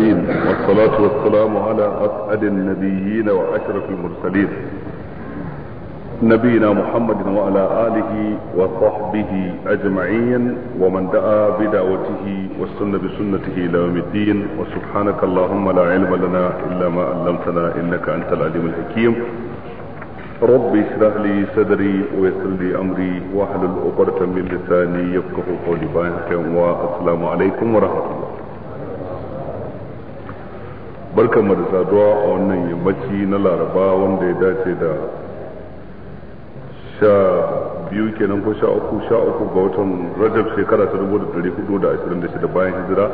المرسلين والصلاة والسلام على أسعد النبيين وأشرف المرسلين نبينا محمد وعلى آله وصحبه أجمعين ومن دعا بدعوته والسنة بسنته إلى يوم الدين وسبحانك اللهم لا علم لنا إلا ما علمتنا إنك أنت العليم الحكيم رب اشرح لي صدري ويسر لي امري واحلل عقدة من لساني يفقه قولي بايعك والسلام عليكم ورحمة الله barkan mu da saduwa a wannan yammaci na laraba wanda ya dace da sha biyu kenan ko sha uku sha uku ga watan rajab shekara ta dubu da dari hudu da ashirin da shida bayan hijira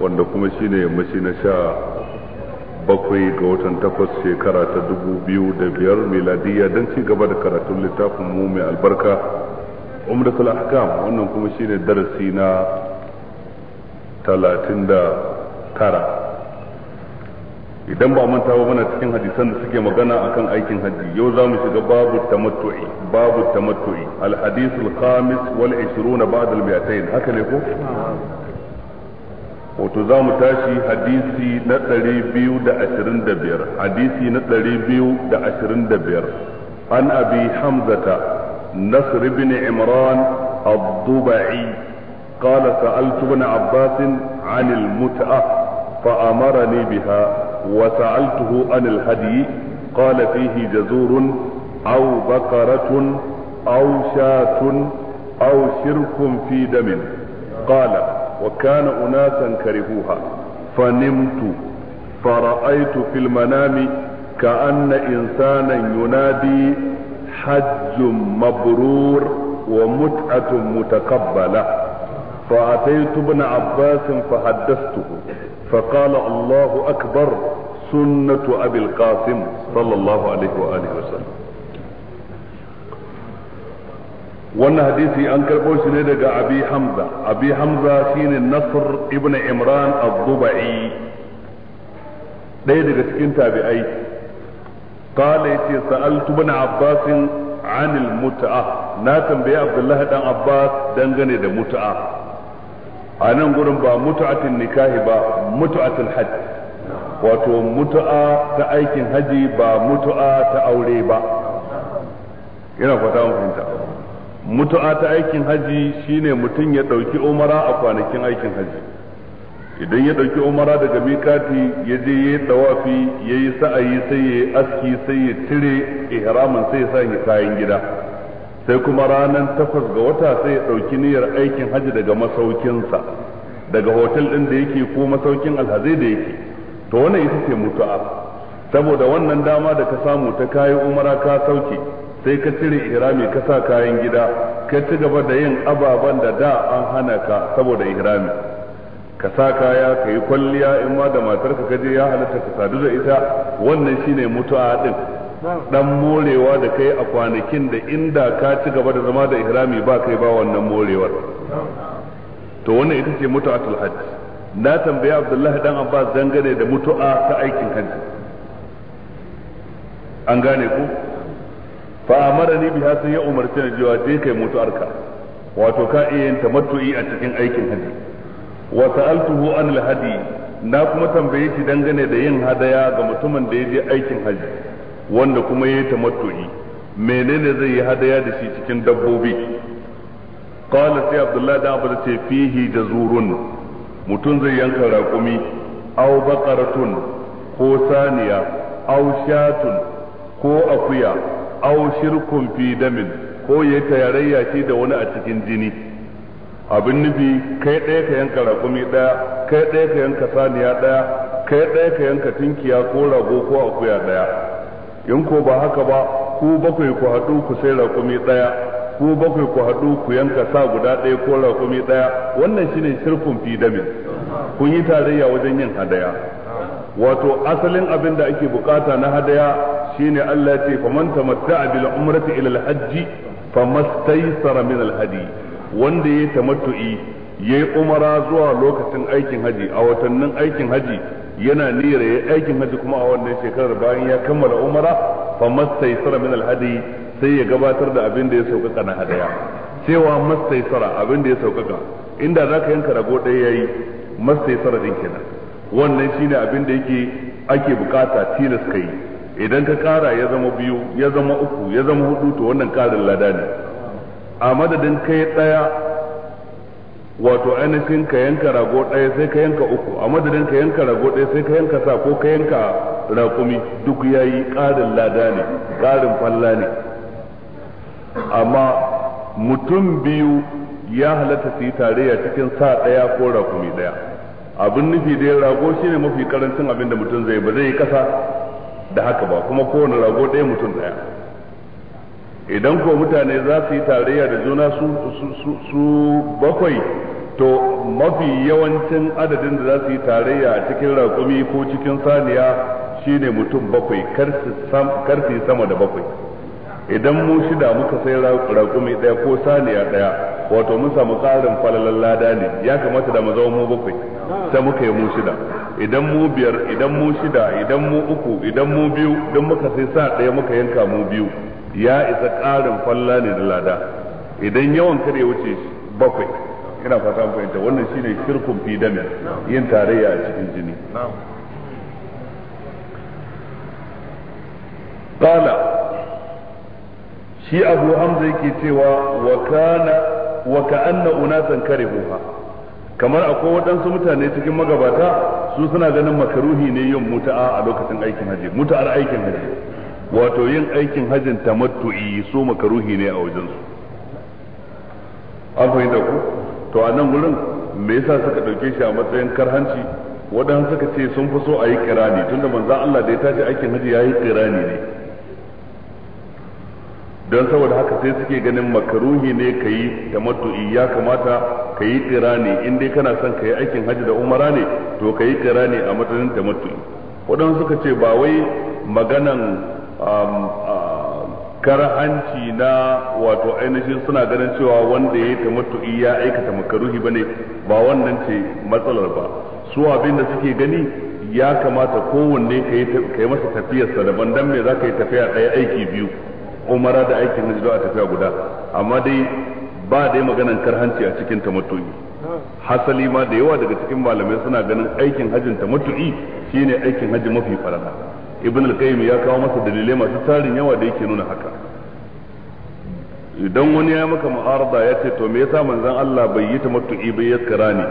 wanda kuma shine yammaci na sha bakwai ga watan takwas shekara ta dubu biyu da biyar miladiyya don ci gaba da karatun littafin mu mai albarka umdatul ahkam wannan kuma shine darasi na talatin da tara idan ba manta ba mana cikin hadisan da suke magana akan aikin haji yau za mu shiga babu tamattu'i babu tamattu'i al hadisul khamis wal 20 ba'da al 200 haka ne ko wato za mu tashi hadisi na ɗari biyu da ashirin da biyar hadisi na ɗari biyu da ashirin da biyar an abi hamzata nasr ibn imran abdubai قال سألت ابن عباس عن المتعة فأمرني بها وسألته عن الهدي قال فيه جزور أو بقرة أو شاة أو شرك في دم قال وكان أناسا كرهوها فنمت فرأيت في المنام كأن إنسانا ينادي حج مبرور ومتعة متقبلة فأتيت ابن عباس فحدثته فقال الله أكبر سنة أبي القاسم صلى الله عليه وآله وسلم wannan hadisi an karɓo shi ne daga abi hamza abi hamza shine nasr ibn imran az-zubai ɗaya daga cikin tabi'ai qala yace sa'altu ibn abbas anil mut'a na tambaye abdullahi dan abbas dangane da mut'a a nan gurin ba mutu'atin nikahi ba mutu'atul hajj wato mutu'a ta aikin haji ba mutu'a ta aure ba ina fata mun fahimta mutu'a ta aikin haji shine mutum ya dauki umara a kwanakin aikin haji idan ya dauki umara daga mikati ya je ya dawafi ya yi sa'ayi sai ya aski sai ya cire ihramin sai ya sa kayan gida sai kuma ranar takwas ga wata sai ya ɗauki niyyar aikin hajji daga masaukinsa daga hotel ɗin da yake ko masaukin alhazai da yake to wannan ita ce mutu'a saboda wannan dama da ka samu ta kayi umara ka sauke sai ka cire ihrami ka sa kayan gida ka ci gaba da yin ababen da da an hana ka saboda ihrami ka sa kaya ka yi kwalliya in ma da matarka ka je ya halatta ka sadu da ita wannan shine mutu'a din dan morewa da kai a kwanakin da inda ka ci gaba da zama da ihrami ba kai ba wannan morewar to wannan ita ce mutu'atul hajj na tambayi abdullahi dan abbas dangane da mutu'a ta aikin hajji an gane ku fa ni biha sai ya umarci ni cewa je kai mutu'arka wato ka iya yin tamattu'i a cikin aikin hajji wa sa'altuhu an al-hadi na kuma tambaye shi dangane da yin hadaya ga mutumin da ya je aikin hajji wanda kuma ya yi tamattu'i menene zai yi hadaya da shi cikin dabbobi qala sai abdullahi da abu ce fihi jazurun mutum zai yanka raƙumi aw baqaratun ko saniya aw shatun ko akuya aw shirkun fi damin ko ya tayarayya shi da wani a cikin jini abin nufi kai ɗaya ka yanka raƙumi ɗaya kai ɗaya ka yanka saniya ɗaya kai ɗaya ka yanka tinkiya ko rago ko akuya ɗaya in ko ba haka ba ku bakwai ku haɗu ku sai raƙumi ɗaya ku bakwai ku haɗu ku yanka sa guda ɗaya ko raƙumi ɗaya wannan shine shirkun fi damin kun yi tarayya wajen yin hadaya wato asalin abin da ake bukata na hadaya shine Allah ya ce faman tamatta bil umrati ila al hajji famastaysara min al hadi wanda ya tamattu'i yayi umara zuwa lokacin aikin haji a watannin aikin haji yana niyyar yi aikin hajji kuma a wannan shekarar bayan ya kammala umara fa mastaisara min alhadi sai ya gabatar da abin da ya sauƙaƙa na hadaya cewa mastaisara abin da ya sauƙaƙa inda zaka yanka rago ɗaya yayi mastaisara din kenan wannan shine abin da yake ake bukata tilas kai idan ka kara ya zama biyu ya zama uku ya zama hudu to wannan karin lada ne a madadin kai ɗaya wato ainihin ka yanka rago ɗaya sai ka yanka uku a madadin ka yanka rago ɗaya sai ka yanka sa ko ka yanka raƙumi duk ya yi ƙarin lada ne ƙarin falla ne amma mutum biyu ya halatta su yi tarayya cikin sa ɗaya ko raƙumi ɗaya abin nufi da rago shi ne mafi karancin abin da mutum zai ba zai yi ƙasa da haka ba kuma kowane rago ɗaya mutum ɗaya idan ko mutane za su yi tarayya da juna su bakwai to mafi yawancin adadin da za su yi tarayya a cikin raƙumi ko cikin saniya shine mutum bakwai kar su yi sama da bakwai idan mu shida muka sai raƙumi ɗaya ko saniya ɗaya wato mun samu ƙarin falalan lada ne ya kamata da mu zama mu bakwai sai muka yi mu shida idan mu biyar idan mu shida idan mu uku idan mu biyu don muka sai sa ɗaya muka yanka mu biyu ya isa ƙarin falla ne da lada idan yawan kare wuce bakwai ina fata an fahimta wannan shine shirkun fi damin yin tarayya a cikin jini qala shi abu hamza yake cewa wa kana wa ka'anna unasan karihuha kamar akwai waɗansu mutane cikin magabata su suna ganin makaruhi ne yin mutu'a a lokacin aikin haji mutu'ar aikin haji wato yin aikin hajjin tamattu'i su makaruhi ne a wajensu an fahimta ku to a nan gurin me yasa suka dauke shi a matsayin karhanci wadanda suka ce sun fi so a yi kirani tunda manzan Allah da ya tashi aikin haji ya yi kirani ne don saboda haka sai suke ganin makaruhi ne ka yi tamattu'i ya kamata ka yi kirani in dai kana son ka yi aikin haji da umara ne to ka yi kirani a matsayin tamattu'i wadanda suka ce ba wai maganan Um, uh, karhanci na wato ainihin suna ganin cewa wanda ya yi ta matu'i ya aikata makaruhi ne ba wannan ce matsalar ba su abin da suke gani ya kamata kowanne ka yi masa tafiyarsa daban dan me za ka yi tafiya ɗaya aiki biyu umara da aikin hajji a tafiya guda amma dai ba dai maganan karhanci a cikin ta matu'i hasali ma da yawa daga cikin malamai suna ganin aikin hajin ta matu'i shine aikin hajji mafi farada. ibn al-qayyim ya kawo masa dalilai masu tarin yawa da yake nuna haka idan wani ya maka mu'arada ya ce to me yasa manzon Allah bai yi ta tamattu'i bai yaskara ni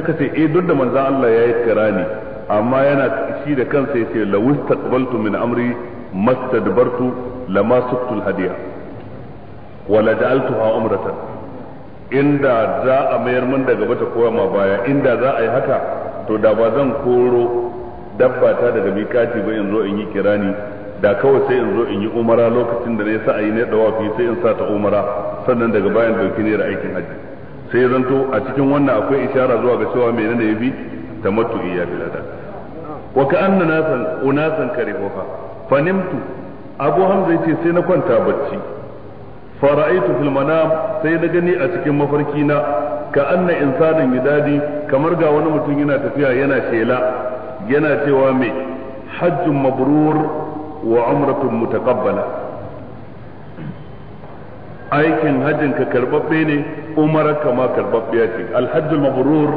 ka ce eh duk da manzon Allah ya kara ni amma yana shi da kansa yace lawistaqbaltu min amri mastadbartu lama suktul hadiya wala ja'altuha umratan inda za a mayar min daga bata koyama baya inda za a yi haka to da ba zan koro dabba ta daga mikati ba in zo in yi kirani da kawai sai in zo in yi umara lokacin da na sa ayi ne dawafi sai in sa ta umara sannan daga bayan dauki ne da aikin haji sai zanto a cikin wannan akwai ishara zuwa ga cewa menene yabi tamattu'i ya bilada wa ka anna nasan unasan karihuha fanimtu abu hamza yace sai na kwanta bacci fara'aitu fil manam sai na gani a cikin mafarki na ka anna insanan yudadi kamar ga wani mutum yana tafiya yana shela yana cewa mai hajjin mabrur wa umratun mutaqabbala aikin hajjin ka karbabbe ne umara kama karbabbiya ce alhajjul mabrur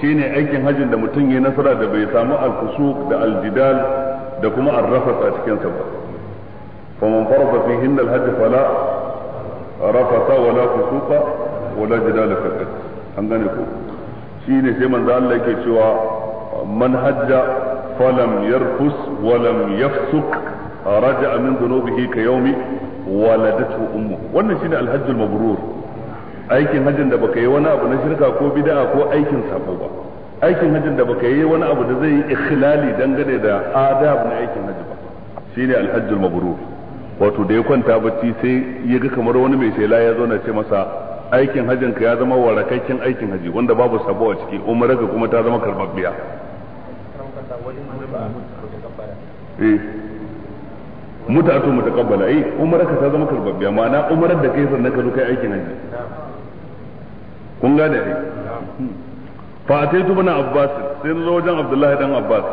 shine aikin hajjin da mutum ya nasara da bai samu alfusuk da aljidal da kuma arrafas a cikin sa ba faman farada fihin alhajj fala rafasa wala fusuqa wala jidala fi an gane ko shine sai manzo Allah yake cewa من حج فلم يرفس ولم يفسق رجع من ذنوبه كيوم ولدته امه wannan shine alhajj mabrur aikin hajjin da baka yi wani abu na shirka ko bid'a ko aikin sabo ba aikin hajjin da baka yi wani abu da zai yi ikhlali dangane da adab na aikin hajji ba shine alhajj mabrur wato da ya kwanta bacci sai ya ga kamar wani mai shela ya zo na ce masa aikin hajjin ka ya zama warakakken aikin haji wanda babu sabo a ciki Umaraka ka kuma ta zama karbabbiya muta eh. to mutakabbala ai eh, umar ka ta zama karbabbiya ma'ana umarar da kai sannan ka zo kai aikin haji kun gane ai fa ataitu bana abbas sai zo wajen abdullahi dan abbas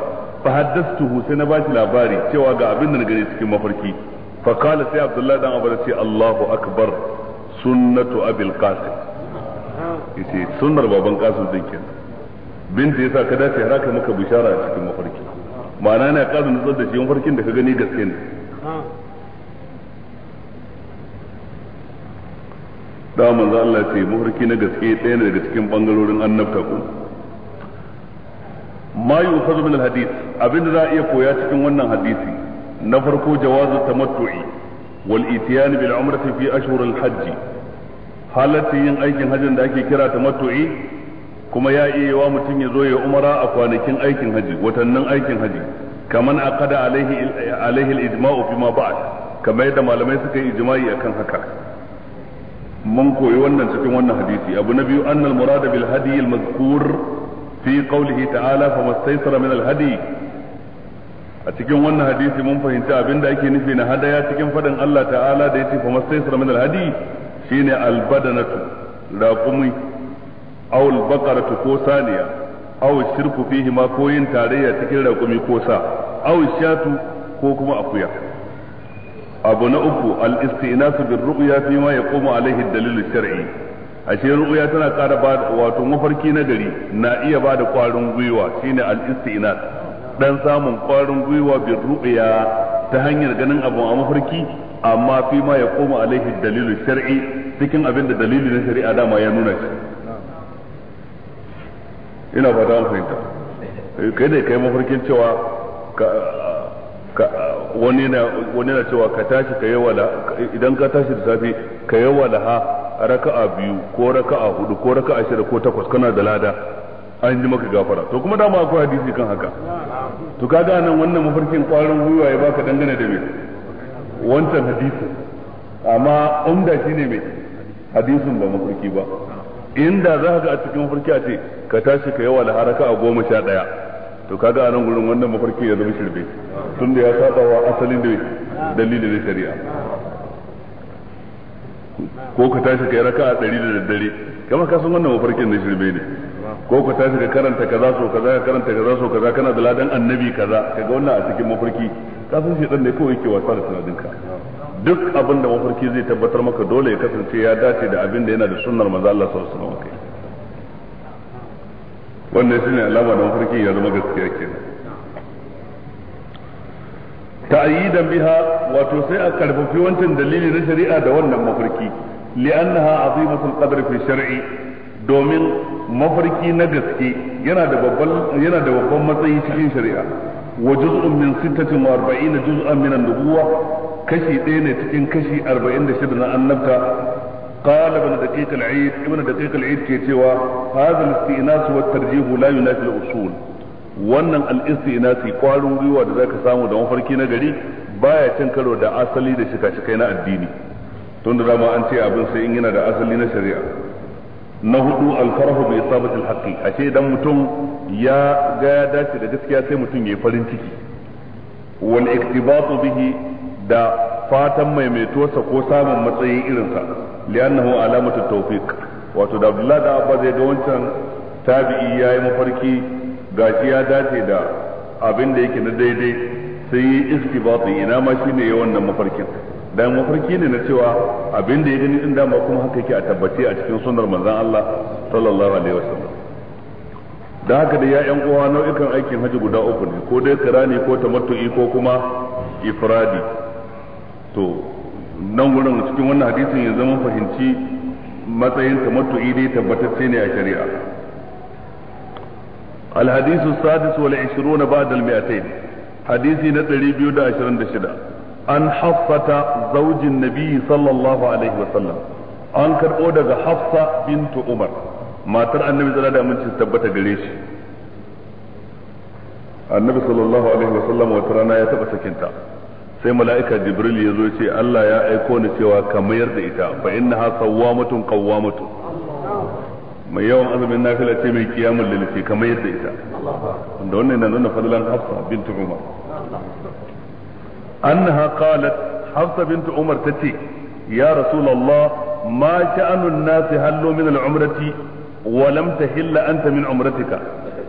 fa haddathtuhu sai na bashi labari cewa ga abin da na gani cikin mafarki fa kala sai abdullahi dan abbas ce allahu akbar sunnatu abil qasim yace sunnar baban qasim din kenan binta yasa ka dace har aka maka bishara a cikin mafarki ma'ana yana ƙara nutsar da shi mafarkin da ka gani gaske ne da manzo Allah ce mafarki na gaske ɗaya ne daga cikin bangarorin annabta ko ma yufazu min alhadith abinda za a iya koya cikin wannan hadisi na farko jawazu tamattu'i wal itiyan bil umrati fi ashhur al hajj halatta yin aikin hajjin da ake kira tamattu'i kuma ya iya wa mutum ya zo ya umara a kwanakin aikin haji watannin aikin haji kamar a alaihi alaihi al-ijma'u fi ma ba'd kamar yadda malamai suka yi ijma'i akan haka mun koyi wannan cikin wannan hadisi abu na biyu annal murada bil hadi al mazkur fi qawlihi ta'ala famastaysara min al hadi a cikin wannan hadisi mun fahimci abinda ake nufi na hadaya cikin fadin Allah ta'ala da yace famastaysara min al hadi shine al badanatu raqumi aw al-baqaratu ko saniya aw shirku fihi ma ko yin tarayya cikin raƙumi ko sa aw shatu ko kuma akuya abu na uku al-istinasu bir ru'ya fi ma yaqumu alaihi dalil shar'i ashe ru'ya tana ƙara ba wato mafarki na gari na iya ba da ƙwarin gwiwa shine al-istinas dan samun ƙwarin gwiwa bir ru'ya ta hanyar ganin abu a mafarki amma fi ma yaqumu alaihi dalil shar'i cikin abin da dalili na shari'a dama ya nuna shi ina ba ta fahimta eh, kai ne kai mafarkin cewa wani na cewa ka tashi ka yawa idan ka tashi da safe ka yawa da ha raka'a biyu ko raka'a hudu ko raka'a shida ko takwas kana da lada an ji maka gafara to kuma dama akwai hadisi kan haka to kaga nan wannan mafarkin kwarin gwiwa ya baka dangane da me wancan hadisin amma umda shine me hadisin ba mafarki ba inda za ka a cikin mafarki a ce ka tashi ka yawa da haraka a goma sha ɗaya to kaga a nan gurin wannan mafarki ya zama shirbe da ya saba wa asalin da dalilin da shari'a ko ka tashi ka yi raka a ɗari da daddare kama ka san wannan mafarkin na shirbe ne ko ka tashi ka karanta kaza so kaza ka karanta kaza so kaza kana da ladan annabi kaza kaga wannan a cikin mafarki ka san shi ne kawai ke wasa da tunaninka duk abin da mafarki zai tabbatar maka dole ya kasance ya dace da abin da yana da sunnar manzo Allah sallallahu alaihi wasallam wannan ne alama da mafarki ya zama gaskiya kenan ta'yidan biha wato sai a karfafi wancan dalili na shari'a da wannan mafarki li'annaha azimatul qadr fi shar'i domin mafarki na gaske yana da babban yana da babban matsayi cikin shari'a wa juz'un min 46 juz'an min an-nubuwa kashi ɗaya ne cikin kashi arba'in da shida na annabta قال ابن دقيق العيد ابن دقيق العيد كيتوا هذا الاستئناس والترجيح لا ينافي الاصول wannan al-istinasi kwarin gwiwa da zaka samu da mafarki na gari baya cin karo da asali da shika-shikai na addini tun da dama an ce abin sai in yana da asali na shari'a na hudu alfarahu bi isabati alhaqi ashe idan mutum ya ga ya dace da gaskiya sai mutum ya yi farin ciki wal iktibatu bihi da fatan mai maimaituwarsa ko samun matsayi irinsa li'annahu alamatu tawfiq wato da Abdullah da Abba zai ga wancan tabi'i yayi mafarki gashi ya dace da abin da yake na daidai sai yi istibati ina ma shine ya wannan mafarkin dan mafarki ne na cewa abin da ya gani din dama kuma haka yake a tabbace a cikin sunnar manzon Allah sallallahu alaihi wasallam da haka da ya'yan uwa nau'ikan aikin hajji guda uku ne ko dai kirani ko tamattu'i ko kuma ifradi to nan wurin cikin wannan hadisin ya zama fahimci matsayin tamattu'i dai tabbatacce ne a shari'a الحديث السادس والعشرون بعد المئتين حديثي نتري بيو دا عشرين دشدا عن حفصة زوج النبي صلى الله عليه وسلم عن كربو دا حفصة بنت عمر ما ترى النبي صلى الله عليه وسلم تبتا قليش النبي صلى الله عليه وسلم وترانا يتبسكنتا sai mala'ika jibril ya zo ce Allah ya aiko ni cewa ka mayar da ita fa innaha sawwamatun qawwamatun mai yawan azumin nafila ce mai kiyamul lil fi ka mayar da ita wanda wannan na nuna fadlan Hafsa bint Umar annaha qalat Hafsa bint Umar tace ya rasulullah ma sha'anu an-nas min al-umrati wa lam tahilla anta min umratika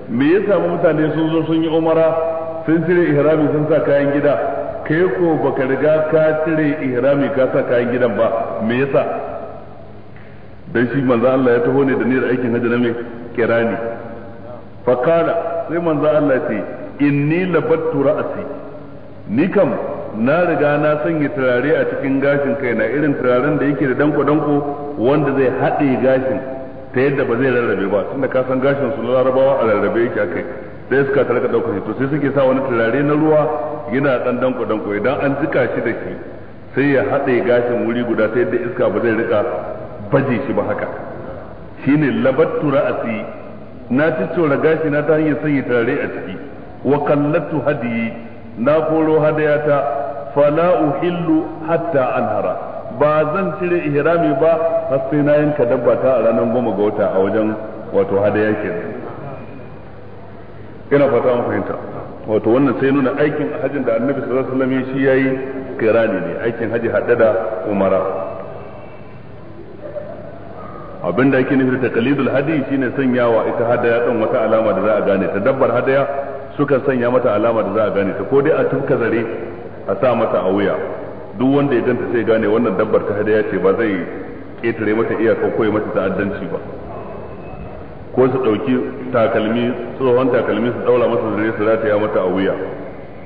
me yasa mutane sun zo sun yi umara sun cire ihrami sun sa kayan gida kai ko baka riga ka cire ihrami ka sa kayan gidan ba me yasa dan shi manzo Allah ya taho ne da niyyar aikin hajji na me kirani fa kala sai manzo Allah ce inni labattu ra'si ni kam na riga na sanya turare a cikin gashin kai na irin turaren da yake da danko danko wanda zai haɗe gashin ta yadda ba zai rarrabe ba tunda ka san gashin su larabawa a rarrabe yake akai da iska ta rika daukar to sai suke sa wani turare na ruwa yana dan danko danko idan an jika shi da shi sai ya haɗe gashin wuri guda ta yadda iska ba zai rika baje shi ba haka shine labattu ra'asi na cicciora gashi na ta hanyar sanya turare a ciki wa kallatu hadiyi na koro hadayata fala uhillu hatta anhara ba zan cire ihrami ba har sai na yanka dabba ta a ranar goma ga wata a wajen wato hadaya kenan ina fata mu fahimta wato wannan sai nuna aikin hajjin da annabi sallallahu alaihi wasallam shi yayi kirani ne aikin haji hada da umara abinda ake nufi da taqlidul hadi shine sanyawa ita hadaya dan wata alama da za a gane ta dabbar hadaya sukan sanya mata alama da za a gane ta ko dai a tufka zare a sa mata a wuya duk wanda ya danta sai gane wannan dabbar ta hadaya ce ba zai ketare mata iyaka ko ya mata ta'addanci ba ko su ɗauki takalmi tsohon takalmi su ɗaura masa zare su rataya mata a wuya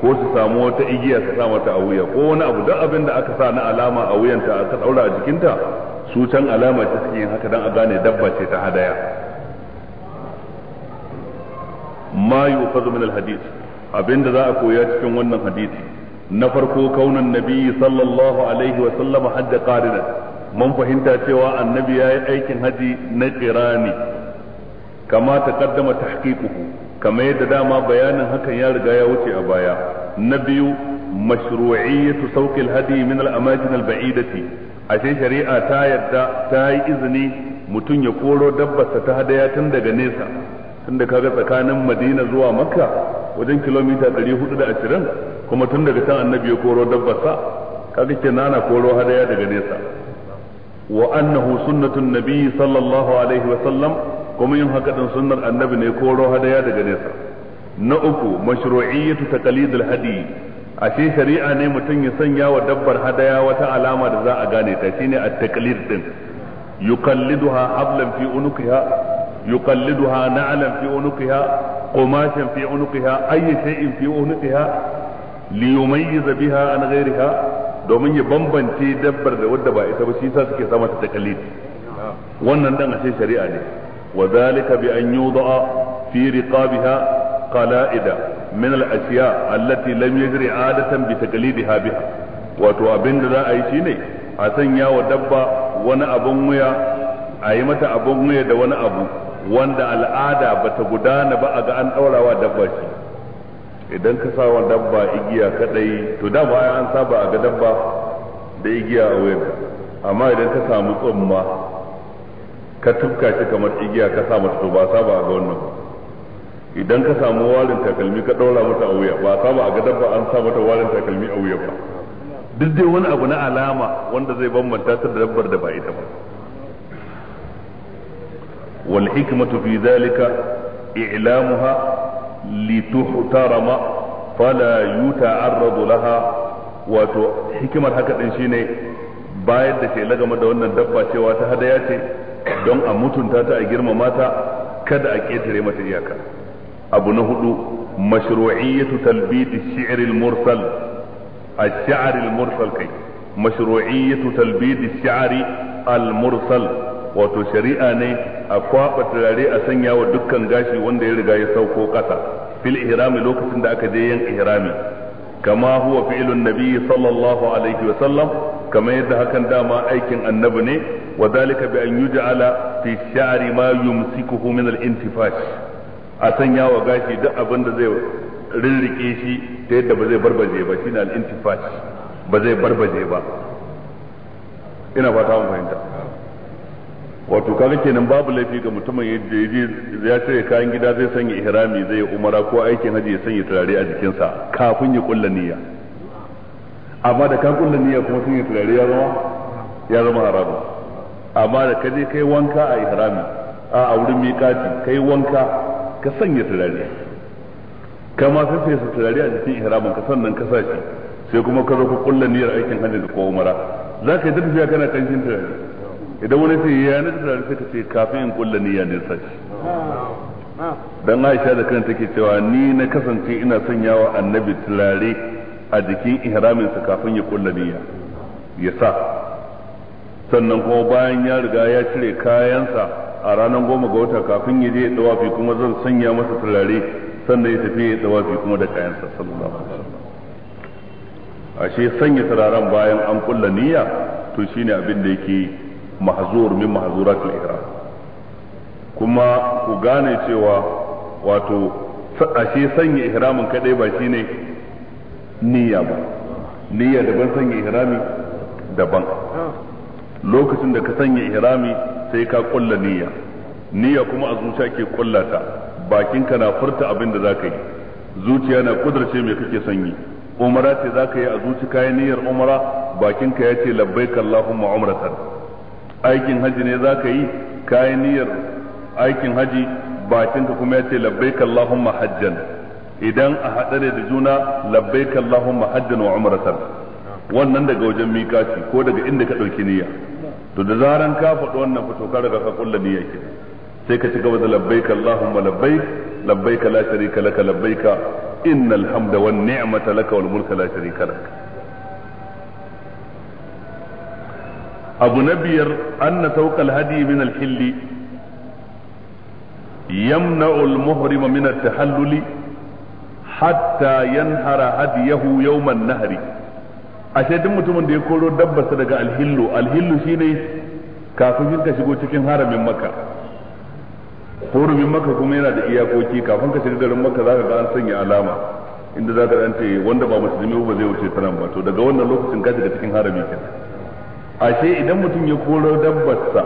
ko su samu wata igiya su sa mata a wuya ko wani abu duk abin da aka sa na alama a wuyanta aka ɗaura a jikinta su can alama ta suke yin haka don a gane dabba ce ta hadaya ma yu'khadhu min al-hadith abinda za a koya cikin wannan hadisi na farko kaunan nabi sallallahu alaihi wa sallama hajja qarinan mun fahimta cewa annabi ya yi aikin haji na qirani kama ta kaddama tahqiquhu kama yadda dama bayanin hakan ya riga ya wuce a baya na biyu mashru'iyyatu sauqil hadi min al-amajin al-ba'idati ashe shari'a ta yadda ta yi izini mutum ya koro dabbarsa ta hadaya tun daga nesa tunda kaga tsakanin Madina zuwa Makka wajen kilomita ashirin kuma tun daga can annabi ya koro dabbarsa kaga kenan ana koro hadaya daga nesa wa annahu sunnatun nabi sallallahu alaihi wa sallam kuma yin haka din sunnar annabi ne koro hadaya daga nesa na uku mashru'iyyatu taqlidul hadi ashe shari'a ne mutum ya sanya wa dabbar hadaya wata alama da za a gane ta shine at-taqlid din yuqalliduha hablan fi unuqiha yuqalliduha na'lan fi unuqiha qumashan fi unuqiha ayyi shay'in fi unuqiha liyumayyiza biha an ghayriha domin ya bambance dabbar da wadda ba ita ba shi sa suke sa mata taqlid wannan dan ashe shari'a ne وذلك بأن يوضع في Kala'ida, قلائد من الأشياء التي لم يجري عادة بتقليدها بها wato abin da za a yi shine a sanya wa dabba wani abin wuya a yi mata abin wuya da wani abu wanda al'ada bata gudana ba a ga an ɗaurawa dabba shi idan ka sa wa dabba igiya kadai to da ba an saba aga dabba da igiya a wuyanta amma idan ka samu tsumma ka tufka shi kamar igiya ka sa mata to ba saba ga wannan idan ka samu warin takalmi ka ɗaura mata a wuya ba saba a ga dabba an sa mata warin takalmi a wuya ba duk dai wani abu na alama wanda zai bambanta ta da dabbar da ba ita ba wal hikmatu fi zalika i'lamuha litahtarama fala yuta'arradu laha wato hikimar haka din shine bayar da ke lagama da wannan dabba cewa ta hadaya ce don a mutunta ta a girmama ta kada a ƙetare mata iyaka abu na hudu mashru'iyyatu talbid ash-shi'r al-mursal ash-shi'r al-mursal kai mashru'iyyatu talbid shir al-mursal wato shari'a ne a kwaba turare a sanya wa dukkan gashi wanda ya riga ya sauko kasa fil ihrami lokacin da aka je yin ihrami kama huwa fi'lun nabiy sallallahu alaihi wa sallam kamar yadda hakan dama aikin annabi ne وذلك zalika bi في الشعر ما يمسكه من yumsikuhu min يا وغاشي a sanya wa gashi duk abin da zai rirrike shi ta yadda ba zai barbaje ba shine al-intifash ba zai ba ina wato kaga kenan babu laifi ga mutumin yadda yaje ya cire kayan gida zai sanya ihrami zai umara ko aikin haji ya sanya turare a jikinsa kafin ya kulla niyya amma da kan kulla niyya kuma sun yi turare ya zama ya zama haramun amma da ka je kai wanka a ihrami a wurin miƙati kai wanka ka sanya turare kama sai sai su turare a jikin ihramin ka sannan ka sa shi sai kuma ka zo ka kulla niyyar aikin hajji da ko umara za ka yi tafiya kana kanshin turare idan wani sai ya na turare sai ka ce kafin in kulla niyya ne sa shi dan Aisha da kanta take cewa ni na kasance ina sanyawa annabi turare a jikin ihramin sa kafin ya kulla niyya ya sa sannan kuma bayan ya riga ya cire kayansa a ranar goma ga wata kafin ya je dawafi kuma zan sanya masa turare sannan ya tafi ya dawafi kuma da kayansa sallallahu alaihi wasallam ashe sanya turaren bayan an kulla niyya to shine abin da yake mahzur min mahzuratul ihram kuma ku gane cewa wato ashe sanya ihramin kadai ba shine niyya ba niyya daban sanya ihrami daban lokacin da ka sanya ihrami sai ka kulla niyya niyya kuma a zuciya ke kulla ta bakinka na furta abin da zaka yi zuciya na kudurce me kake sanyi umara ce zaka yi a zuci kayan niyyar umara bakinka ya ce labbaik allahumma umratan aikin haji ne zaka yi kayan niyyar aikin haji bakinka kuma ya ce labbaik allahumma hajjan idan a hadare da juna labbaik allahumma hajjan wa umratan wannan daga wajen mikati ko daga inda ka ɗauki niyya to da zaran ka faɗi wannan fito ka daga ka kulla niyya ke sai ka ci gaba da labbaika Allahumma labbaik labbaika la sharika laka labbaika innal hamda wan ni'mata laka wal mulka la sharika laka abu nabiyar anna sauqal hadi min al hilli yamna'u al muhrima min at tahalluli hatta yanhara hadiyahu yawm an nahri ashe duk mutumin da ya koro dabbarsa daga alhillu alhillu ne kafin ka shigo cikin haramin maka hurumin maka kuma yana da iyakoki kafin ka shiga garin za ka ga an sanya alama inda za ka an ce wanda ba musulmi ba zai wuce ta ba to daga wannan lokacin ka shiga cikin haramin kenan ashe idan mutum ya koro dabbarsa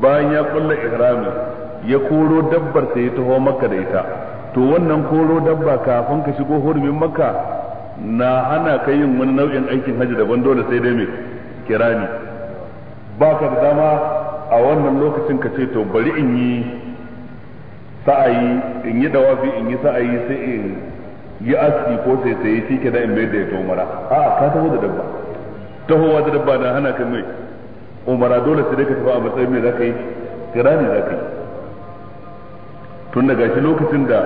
bayan ya kulla ihrami ya koro dabbarsa ya taho maka da ita to wannan koro dabba kafin ka shigo hurumin maka. na hana ka yin wani nau'in aikin hajji daban dole sai dai mai kirani ba ka da dama a wannan lokacin ka ce to bari in yi sa'ayi in yi dawafi in yi sa'ayi sai in yi aski ko sai sai yi ke da in mai da ya umara a ka taho da dabba tahowa da dabba na hana ka mai umara dole sai dai ka tafi a matsayin mai za ka yi kirani za ka yi tun daga shi lokacin da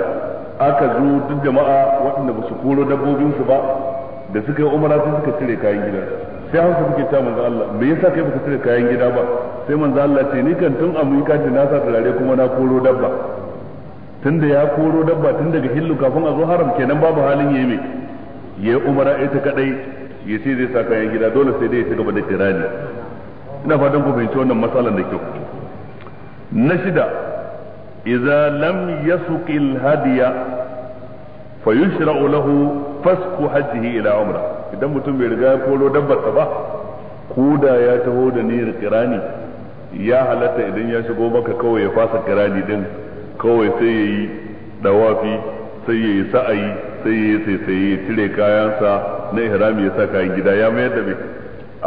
aka zo duk jama'a waɗanda ba su koro dabbobinsu ba da suka yi umara sai suka cire kayan gida sai hausa suke ta manzo Allah me yasa kai baka cire kayan gida ba sai manzo Allah ce ni kan tun amurka da na sa turare kuma na koro dabba tun da ya koro dabba tun daga hillu kafin a zo haram kenan babu halin yayi me yi umara ita kadai ya ce zai sa kayan gida dole sai dai ya ci gaba da kirani ina fatan ku fahimci wannan matsalar da kyau na shida idza lam yasuqil hadiya fa yushra'u ila umra idan mutum bai riga ya koro dabbarsa ba koda ya taho da niyyar kirani ya halatta idan ya shigo maka kawai ya fasa kirani din kawai sai ya yi dawafi sai ya yi sa'ayi sai ya yi saisaye ya cire kayansa na ihrami ya sa kayan gida ya mayar da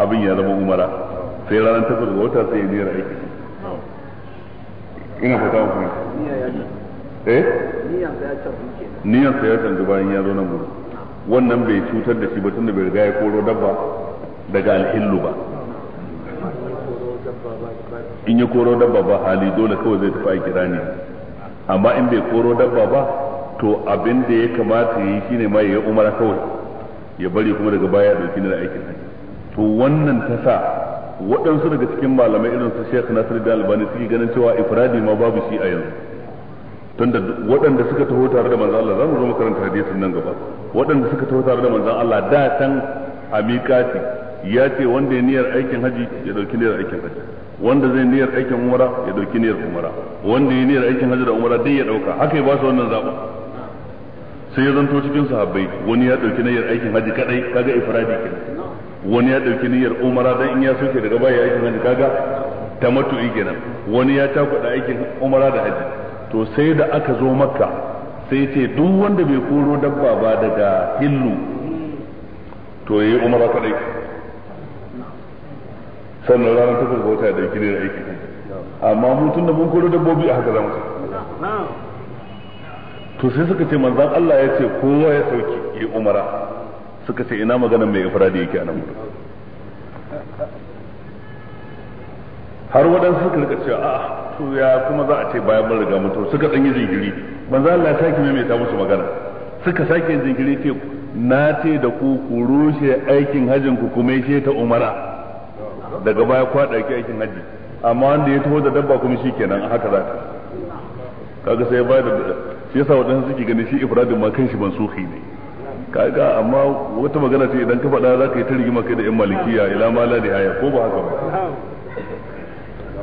abin ya zama umara sai ranar takwas ga wata sai ya niyyar aiki ina fata ku eh niyan sa ya canzu bayan ya zo nan gurin wannan bai cutar da shi ba tunda bai riga ya koro dabba daga alhillu ba in ya koro dabba ba hali dole kawai zai tafi a kira ne amma in bai koro dabba ba to abin da ya kamata yi shine ma ya yi umara kawai ya bari kuma daga baya dauki na aikin to wannan ta sa waɗansu daga cikin malamai irin su Sheikh Nasir da Albani suke ganin cewa ifradi ma babu shi a yanzu tunda waɗanda suka taho tare da manzon Allah zamu zo makaranta hadisin nan gaba waɗanda suka taho tare da manzon Allah da san amikati ya ce wanda ya niyyar aikin haji ya dauki niyyar aikin haji wanda zai niyyar aikin umara ya dauki niyyar umara wanda ya niyyar aikin haji da umara dai ya dauka haka ya ba su wannan zaɓa. sai ya zanto cikin sahabbai wani ya dauki niyyar aikin haji kadai kaga ifradi kenan wani ya dauki niyyar umara dan in ya soke daga baya aikin hajji kaga ta tamattu'i kenan wani ya takwada aikin umara da hajji to sai da aka zo makka sai ce duk wanda bai koro dabba ba daga hillu to yayi umara kadai sannan ranar takwas ga wata ya dauki niyyar aikin amma mu tunda mun koro dabbobi a haka zamu to sai suka ce manzon Allah ya ce kowa ya sauki yi umara suka ce ina magana mai da yake anan gudu har waɗansu suka rika cewa a to ya kuma za a ce bayan mun riga mutu suka ɗan jingiri banza manzo Allah ya sake maimaita musu magana suka sake jingiri ce na ce da ku ku rushe aikin hajjin ku kuma ya ta umara daga baya kwa ki aikin hajji amma wanda ya taho da dabba kuma shi kenan haka za ta kaga sai ya bayar da shi yasa waɗansu suke ganin shi ifradin ma kanshi ban suhi ne kaga amma wata magana ce idan ka faɗa za ka yi ta rigima kai da yan malikiya ila ma la haya ko ba haka ba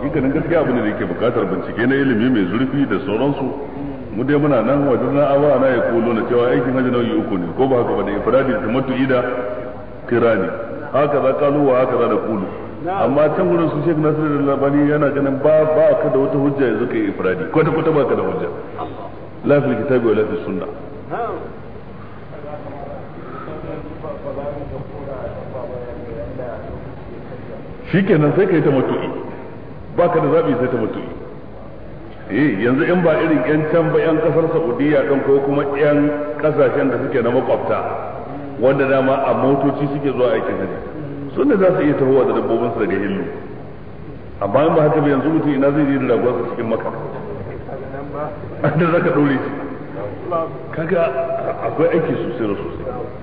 hikanin gaskiya abin da yake bukatar bincike na ilimi mai zurfi da sauransu mu dai muna nan wajen na awa na ya kolo na cewa aikin hajji nauyi uku ne ko ba haka ba da ifradi da tamattu'i da kirani haka za kalu wa haka za da kulu amma can gurin su shek nasiru da labani yana ganin ba ba ka da wata hujja yanzu kai ifradi kwata kwata ba ka da hujja lafil kitabi wa lafil sunna Shi nan sai ka yi ta matuƙi, ba ka da zaɓi sai ta matuƙi. eh yanzu in ba irin yan can ba yan kasar saudiya ɗin ko kuma yan ƙasashen da suke na makwabta wanda dama a motoci suke zuwa aikin hajji sun da za su iya tafowa da dabbobinsu daga hillu amma in ba haka ba yanzu mutum ina zai yi da ragonsa cikin maka da za ka ɗore shi kaga akwai aiki sosai da sosai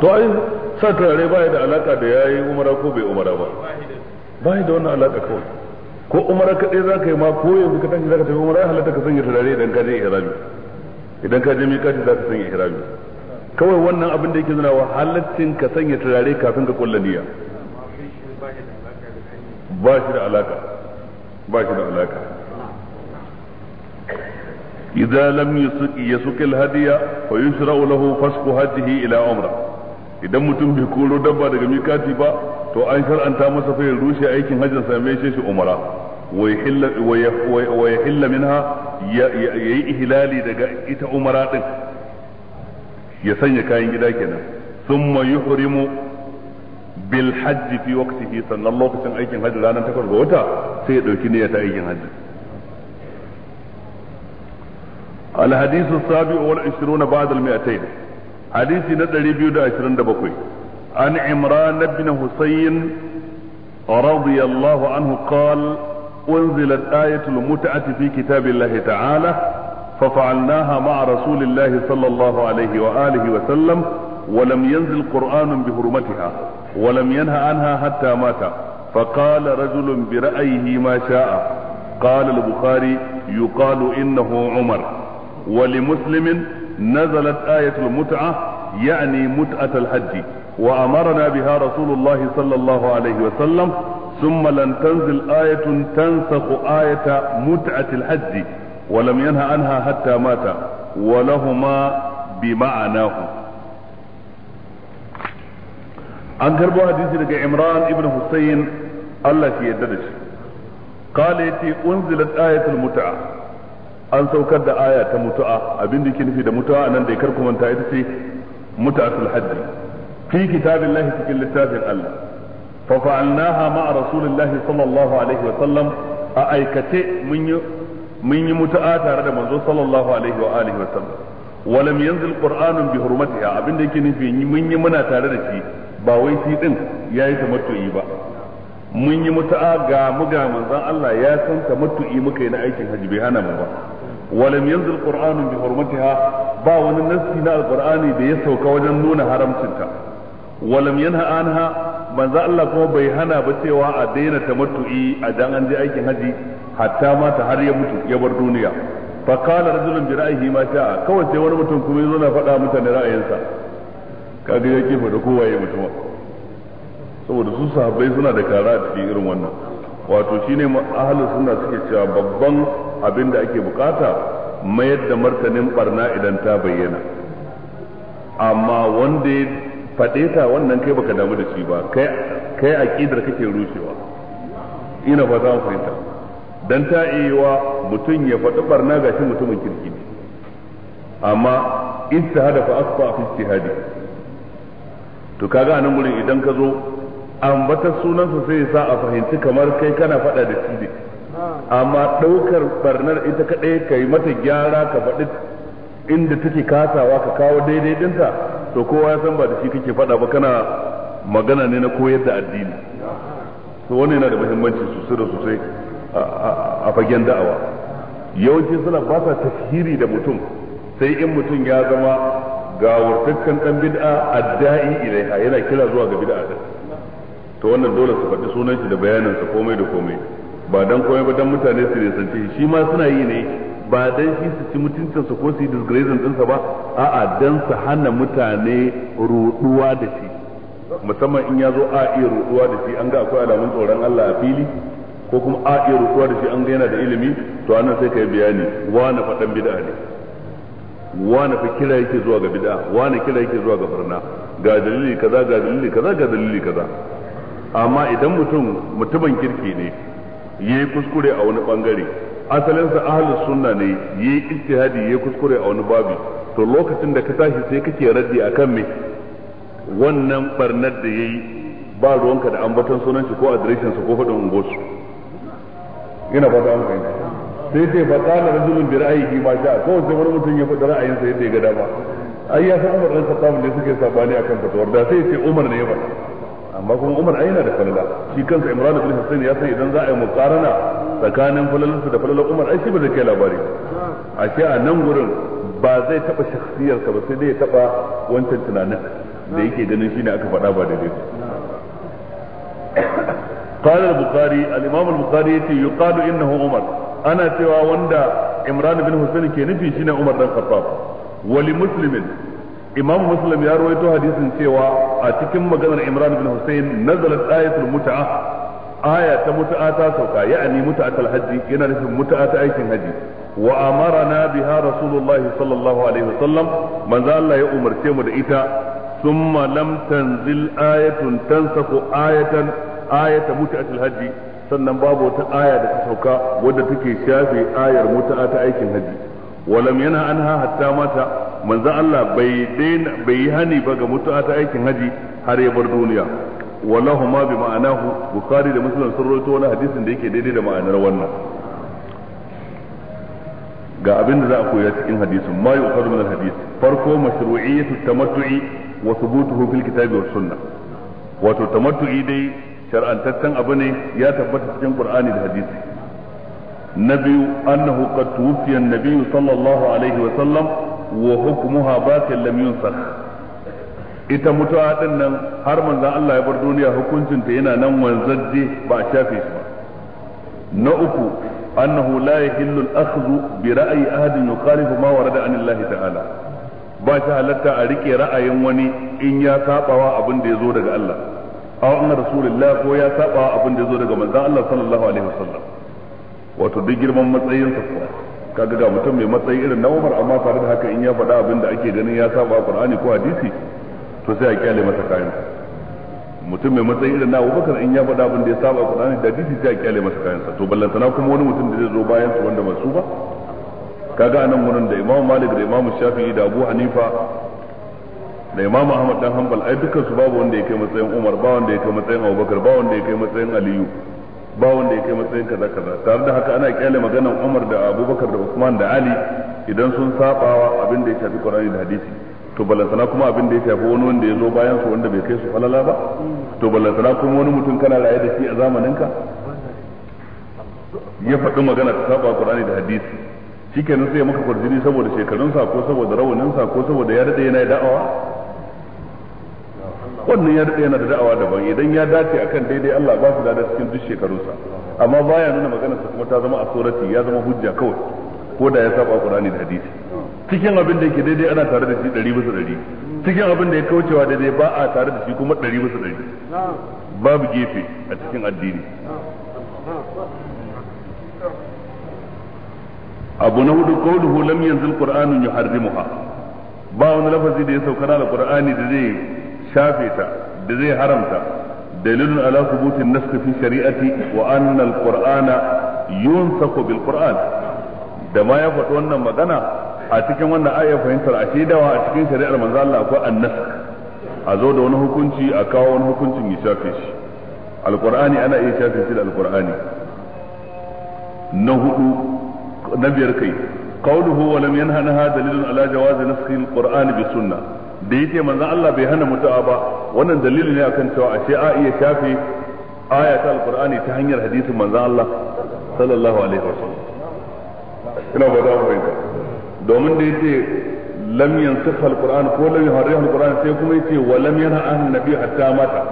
to ai sa turare baya da alaka da yayi umara ko bai umara ba baya da wannan alaka kawai ko umara kadai zaka yi ma ko yanzu ka tashi zaka tafi umara halatta ka sanya turare idan ka je ihrami idan ka je miƙati zaka sanya ihrami kawai wannan abin da yake nuna wa halaccin ka sanya turare kafin ka kulla niyya ba shi da alaka ba shi da alaka idza lam yusuq yasuq al hadiya fa yushra'u lahu fasqu hadihi ila umrah idan mutum bai koro dabba daga mikati ba to an shar'anta masa fa rushe aikin hajjin sa mai shi umara wa yahilla minha yayi ihlali daga ita umara din ya sanya kayan gida kenan thumma yuhrimu bil hajj fi waqtihi sannan lokacin aikin hajji ranar takwas ga wata sai ya dauki niyyar ta aikin hajji الحديث السابع والعشرون بعد المئتين حديث دبقوي عن عمران بن حسين رضي الله عنه قال أنزلت آية المتعة في كتاب الله تعالى ففعلناها مع رسول الله صلى الله عليه وآله وسلم ولم ينزل قرآن بحرمتها ولم ينهى عنها حتى مات فقال رجل برأيه ما شاء قال البخاري يقال إنه عمر ولمسلم nazalat ayatul mut'a yani mut'atul hajji wa na biha rasulullah sallallahu alaihi wa sallam ثم لن تنزل آية تنسخ آية متعة الحج ولم ينه عنها حتى مات ولهما بمعناه an karbi hadisi daga imran ibn husayn Allah shi yadda da shi qala yati unzilat ayatul an saukar da aya ta mutu'a abin da ke nufi da mutu'a nan da kar kumanta ita ce mutu'atul haddi fi kitabillahi cikin littafin Allah fa fa'alnaha ma'a rasulillahi sallallahu alaihi wa sallam a aikace mun yi mun yi mutu'a tare da manzo sallallahu alaihi wa alihi wa sallam wa lam yanzil qur'anun bi hurmatiha abin da yake nufi mun yi muna tare da shi ba wai shi din yayi tamattu'i ba mun yi mutu'a ga mu ga manzon Allah ya san tamattu'i muka yi na aikin haji bai hana mu ba ولم ينزل قرآن بحرمتها ba wani nassi na alqur'ani da ya sauka wajen nuna haramcinta walam yanha anha manzo Allah kuma bai hana ba cewa a daina ta tamattu'i a dan an je aikin haji hatta mata har ya mutu ya bar duniya fa qala rajulun bi ra'yihi ma sha'a kawai sai wani mutum kuma yazo na faɗa mutane ra'ayinsa kaga ya kifa da kowa ya mutuwa saboda su sahabbai suna da kara a cikin irin wannan wato shine ahlus sunna suke cewa babban Abin da ake bukata mayar da martanin barna idan ta bayyana amma wanda ya faɗe ta wannan kai baka damu da shi ba kai a ƙidar kake rushewa ina za mu fahimta don ta iya mutum ya faɗi barna shi mutumin kirki ne amma ijtihada fa asfa fi ijtihadi to kaga nan gurin idan ka zo ambatar sunan su sai sa a fahimci kamar kai kana faɗa da shi ne amma ɗaukar barnar ita kaɗai ka yi mata gyara ka faɗi inda take kasawa ka kawo daidai ɗinta to kowa ya san ba da shi kake faɗa ba kana magana ne na koyar da addini to wannan yana da muhimmanci sosai da sosai a fagen da'awa yawancin suna ba sa tafhiri da mutum sai in mutum ya zama gawurtakkan dan bid'a adda'i ilaiha yana kira zuwa ga bid'a to wannan dole su faɗi sunan shi da bayanin komai da komai ba dan kome ba dan mutane su nisanci shi ma suna yi ne ba dan shi su ci mutuncinsa ko su yi disgracing dinsa ba a'a dan su hana mutane ruduwa da shi musamman in ya zo a iya ruduwa da shi an ga akwai alamun tsoron Allah a fili ko kuma a iya ruduwa da shi an ga yana da ilimi to anan sai kai bayani wani faɗan bid'a ne wani fa kira yake zuwa ga bid'a wani kira yake zuwa ga barna ga dalili kaza ga dalili kaza ga dalili kaza amma idan mutum mutumin kirki ne yayi kuskure a wani bangare asalinsa ahlus sunna ne yayi ijtihadi yayi kuskure a wani babi to lokacin da ka tashi sai kake raddi akan me wannan barnar da yayi ba ruwanka da ambaton sunan shi ko adireshin sa ko faɗin ungosu ina ba ta an fahimta sai ba fa qala rajulun bi ra'yihi ma sha ko sai wani mutum ya faɗi ra'ayinsa yadda ya ga dama ai ya san Umar dan Khattab ne suke sabani akan fatuwar da sai ce Umar ne ya faɗa amma kuma Umar ai yana da falala shi kansa Imran bin Hussein ya san idan za a yi muqarana tsakanin falalansa da falalan Umar ai shi ba zai kai labari ashe a nan gurin ba zai taba shakhsiyarsa ba sai dai ya taba wancan tunanin da yake ganin shi ne aka faɗa ba daidai ba. قال البخاري الامام البخاري يقال انه عمر انا cewa wanda Imran bin Hussein ke nufi shine Umar dan Khattab wali muslimin imam muslim ya rawaito hadisin cewa a cikin maganar imran bin husayn nazalat ayatul mut'a aya ta sauka ya'ani mut'atul hajji yana nufin mut'a ta aikin haji wa amarna biha rasulullahi sallallahu alaihi wasallam manzo Allah ya umarce mu da ita thumma lam tanzil ayatun tansaku ayatan ayata mut'atul hajji sannan babu wata aya da ta sauka wadda take shafe ayar mut'a ta aikin haji ولم ينه عنها حتى مات manzon Allah bai daina bai yi hani ba ga mutu'a ta aikin haji har ya bar duniya wallahu ma bi ma'anahu bukhari da muslim sun rawaito wani hadisin da yake daidai da ma'anar wannan ga abin da za a koya cikin hadisin ma yu'khadhu min al-hadis farko mashru'iyyatu tamattu'i wa thubutuhu fil kitabi was sunnah wato tamattu'i dai shar'antaccen abu ne ya tabbata cikin qur'ani da hadisi na biyu annahu qad tuwfiya an-nabiyyu sallallahu alaihi wa sallam wa hukmuha baqin lam yunsakh ita mutuwa din nan har manzon Allah ya bar duniya hukuncin ta yana nan wanzaje ba a shafe shi ba na uku annahu la yahillu al-akhdhu bi ra'yi ahadin yukhalifu ma warada an Allah ta'ala ba shi halatta a rike ra'ayin wani in ya sabawa abin da ya zo daga Allah aw anna rasulullah ko ya sabawa abin da ya zo daga manzon Allah sallallahu alaihi wasallam wato duk girman matsayin sa kaga ga mutum mai matsayi irin na Umar amma tare da haka in ya faɗa abin da ake ganin ya saba Qur'ani ko hadisi to sai a kyale masa kayan mutum mai matsayi irin na Abubakar in ya faɗa abin da ya saba Qur'ani da hadisi sai a kyale masa kayan sa to ballantana kuma wani mutum da zai zo bayan su wanda ba su ba kaga anan wurin da Imam Malik da Imam Shafi'i da Abu Hanifa da Imam Ahmad dan Hanbal ai dukkan su babu wanda ya kai matsayin Umar ba wanda ya kai matsayin Abubakar ba wanda ya kai matsayin Aliyu ba wanda ya kai matsayin kaza kaza tare da haka ana kyale maganar Umar da Abubakar da Usman da Ali idan sun sabawa abin da ya shafi Qur'ani da hadisi to balantana kuma abin da ya shafi wani wanda ya zo bayan su wanda bai kai su falala ba to balantana kuma wani mutum kana raye da shi a zamaninka ya faɗi magana ta saba Qur'ani da hadisi shikenan sai ya maka kwarjini saboda shekarunsa ko saboda rawaninsa ko saboda ya dade yana da'awa wannan ya daɗe yana da da'awa daban idan ya dace akan daidai Allah ba su da cikin duk shekarunsa amma baya nuna magana su kuma ta zama a surati ya zama hujja kawai ko da ya saba Qur'ani da hadisi cikin abin da yake daidai ana tare da shi ɗari bisa ɗari cikin abin da ya kaucewa daidai ba a tare da shi kuma ɗari bisa ɗari babu gefe a cikin addini abu na hudu qawluhu lam yanzil qur'anun yuharrimuha ba wani lafazi da ya sauka na alqur'ani da zai shafe ta da zai haramta dalilun ala thubutin naskh fi shari'ati wa anna alqur'ana yunsaku bil qur'an da ma ya faɗi wannan magana a cikin wannan ayar fahimtar ashe dawa a cikin shari'ar manzo Allah akwai annask a zo da wani hukunci a kawo wani hukuncin ya shafe shi alqur'ani ana iya shafe shi da alqur'ani na hudu na biyar kai qawluhu wa lam yanha dalilun ala jawazi naskhi alqur'ani bi sunnah da yace manzon Allah bai hana mutuwa ba wannan dalili ne akan cewa ashe a iya shafe aya ta alqur'ani ta hanyar hadisin manzon Allah sallallahu alaihi wasallam ina ba da mu fahimta domin da yace lam yansakh alqur'an ko lam yuharrih alqur'an sai kuma yace wa lam yanha annabi hatta mata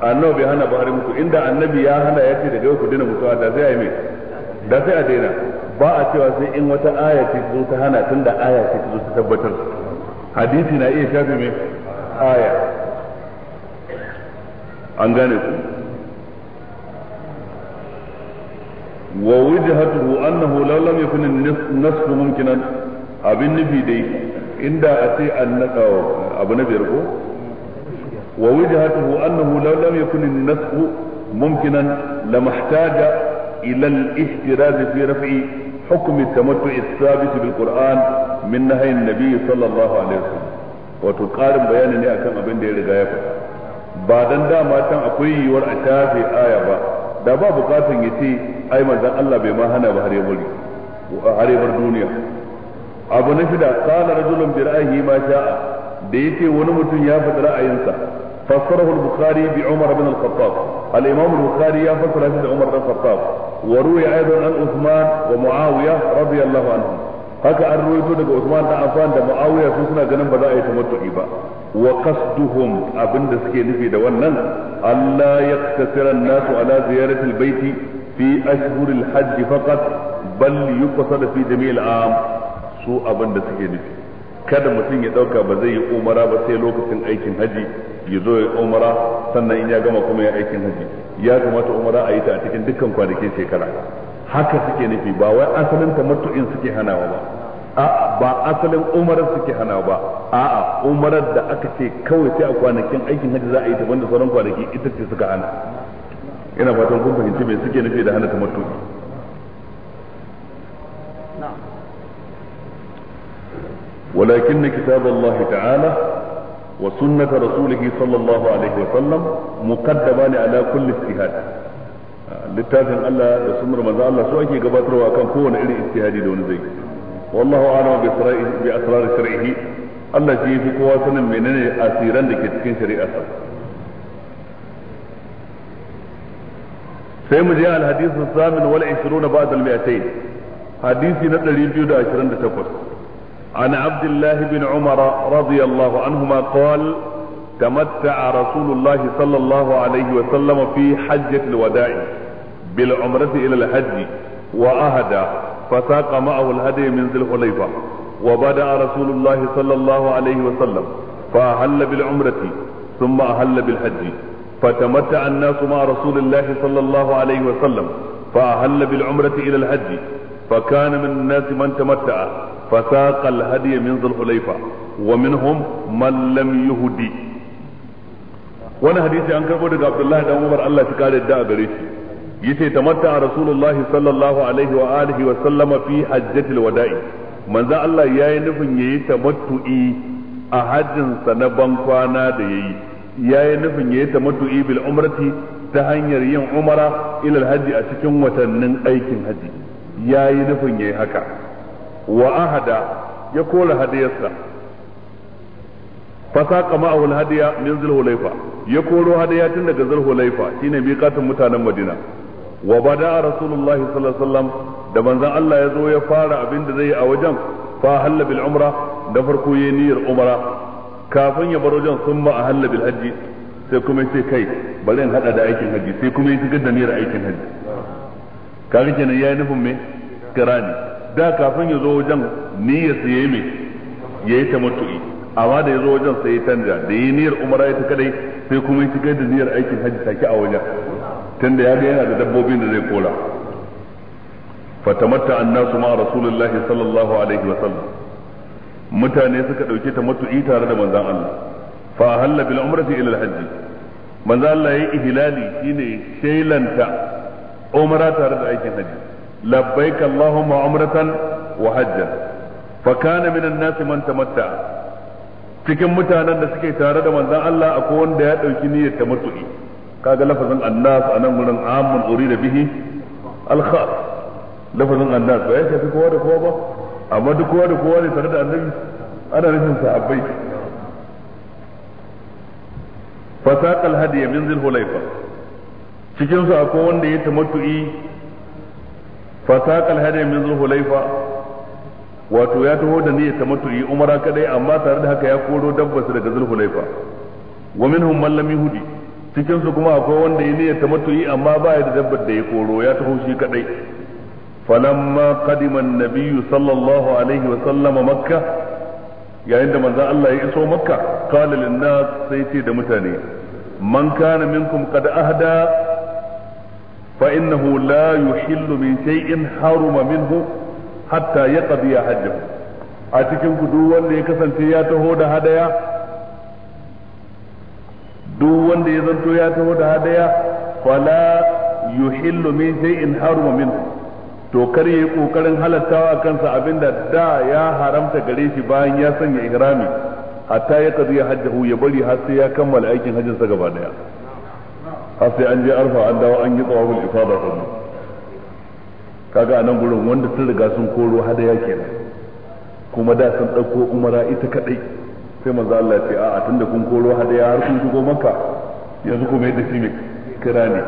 annabi bai hana ba muku? inda annabi ya hana yace daga yau ku dina mutuwa da sai ai mai da sai a daina ba a cewa sai in wata aya ce ta hana tunda aya ce ta zo ta tabbatar hadisi na iya shafi mai aya an gane ku wa wujhatuhu annahu law lam yakun an-nasf mumkinan abin nufi dai inda a ce an naka abu na biyar ko wa wujhatuhu annahu law lam yakun an-nasf mumkinan lam ihtaja ila al-ihtiraz fi raf'i hukm at-tamattu' حكم thabit bil-qur'an min nahayin nabi sallallahu alaihi wasallam wato karin bayani ne akan abin da ya riga ya faɗa ba dan dama can akwai yiwuwar a aya ba da ba bukatan ya ce ai manzon Allah bai ma hana ba har ya har ya bar duniya abu na shida qala rajulun bi ra'yihi ma sha'a da yace wani mutum ya faɗi ra'ayinsa فسره البخاري بعمر بن الخطاب الإمام البخاري فسر هذا عمر بن الخطاب وروي أيضا عن عثمان ومعاوية رضي الله عنهم haka an ruwaito daga Usman dan Affan da Muawiya su suna ganin ba za a yi tamattu'i ba wa qasduhum abinda suke nufi da wannan Allah ya an nasu ala ziyarati al-bayt fi ashhur al-hajj faqat bal yuqsad fi jami' am su abinda suke nufi kada mutum ya dauka ba zai yi umara ba sai lokacin aikin haji ya zo ya umara sannan in ya gama kuma ya aikin haji ya kamata umara a yi ta a cikin dukkan kwanakin shekara haka suke nufi ba wai asalin tamattu'in suke hanawa ba a'a ba asalin umarar suke hana ba a'a umarar da aka ce kawai sai a kwanakin aikin hajji za a yi taban da sauran kwanaki ita ce suka hana ina fatan kun fahimci me suke nufi da hana tamattu'i ولكن كتاب الله تعالى وسنة رسوله صلى الله عليه وسلم مقدمان على كل اجتهاد littafin Allah da sunnar manzo Allah su ake gabatarwa kan kowane irin ijtihadi da wani zai wallahu a'lam bi sara'i bi asrar shar'ihi Allah fi kowa sanin menene asiran da ke cikin shari'a sa sai mu je al hadith samin wal 20 ba'd al 200 hadisi na 228 an عبد bin umara عمر رضي الله تمتع رسول الله صلى الله عليه وسلم في حجة الوداع بالعمرة إلى الحج وأهدى فساق معه الهدي من ذي الحليفة وبدأ رسول الله صلى الله عليه وسلم فأهل بالعمرة ثم أهل بالحج فتمتع الناس مع رسول الله صلى الله عليه وسلم فأهل بالعمرة إلى الحج فكان من الناس من تمتع فساق الهدي من ذي الحليفة ومنهم من لم يهدي wani hadisi an karbo daga abdullahi dan umar Allah ya kare da a gare shi yace tamatta rasulullahi sallallahu alaihi wa alihi wa sallama fi hajjatil wada'i manzo Allah yayi nufin yayi tamattu'i a hajjin sa na kwana da yayi yayi nufin yayi tamattu'i bil umrati ta hanyar yin umara ila hajji a cikin watannin aikin hajji yayi nufin yayi haka wa ahada ya kola hadiyarsa fasaqa ma'ahu al-hadiya min zulhulayfa ya koro hadiya tun daga zulhulayfa shine miqatin mutanen madina wa bada rasulullah sallallahu alaihi wasallam da manzon Allah ya zo ya fara abin da zai yi a wajen fa halla bil umra da farko yayi niyyar umra kafin ya bar wajen summa a halla bil hajji sai kuma sai kai bari in hada da aikin hajji sai kuma ya shigar da niyyar aikin haji kaga kenan yayi nufin me kirani da kafin ya zo wajen niyyar sa yayi me yayi tamattu'i amma da ya zo wajen sai ya canja da yi niyyar umara ya ta kadai sai kuma ya shigar da niyyar aikin hajji take a wajen tunda ya ga yana da dabbobin da zai kora fatamatta annasu ma rasulullahi sallallahu alaihi wa sallam mutane suka dauke ta matu'i tare da manzon Allah fa halla bil umrati ila al hajji manzon Allah yayi ihlali shine shailanta umara tare da aikin hajji labbaik allahumma umratan wa hajjan fa kana min an-nas man tamatta cikin mutanen da suke tare da manzon Allah akwai wanda ya dauki niyyar ta tamattu'i kaga lafazin annas anan gurin amun urida bihi al-khas lafazin annas ba ya shafi kowa da kowa ba amma duk kowa da kowa ne tare da annabi ana nufin sahabbai fasaqa al ya min zil hulayfa cikin su akwai wanda ya mutu'i fasaqa al ya min zil hulayfa wato ya taho da niyyar tamattu'i umara kadai amma tare da haka ya koro dabbarsa daga zulhulaifa wa minhum man lam yuhdi cikin su kuma akwai wanda ya niyyar tamattu'i amma ba ya da dabbar da ya koro ya taho shi kadai falamma qadima an-nabiy sallallahu alaihi wa sallama makka yayin da manzon Allah ya iso makka qala lin-nas sai ce da mutane man kana minkum qad ahda fa innahu la yuhillu min shay'in haruma minhu hatta ya qadiya hajjahu a cikin ku wanda ya kasance ya taho da hadaya duk wanda ya zanto ya taho da hadaya fala yuhillu min shay'in haruma min to kar yi kokarin halattawa kansa abinda da ya haramta gare shi bayan ya sanya ihrami hatta ya qadiya hajjahu ya bari har sai ya kammala aikin hajjinsa gaba daya har sai an je arfa an dawo an yi tsawabul ifada sannan kaga a nan gurin wanda sun riga sun koro hadaya kenan kuma da sun ɗauko umara ita kaɗai sai manzo Allah ya ce a'a tunda kun koro hadaya har kun shigo maka yanzu kuma yadda shi ne kira ne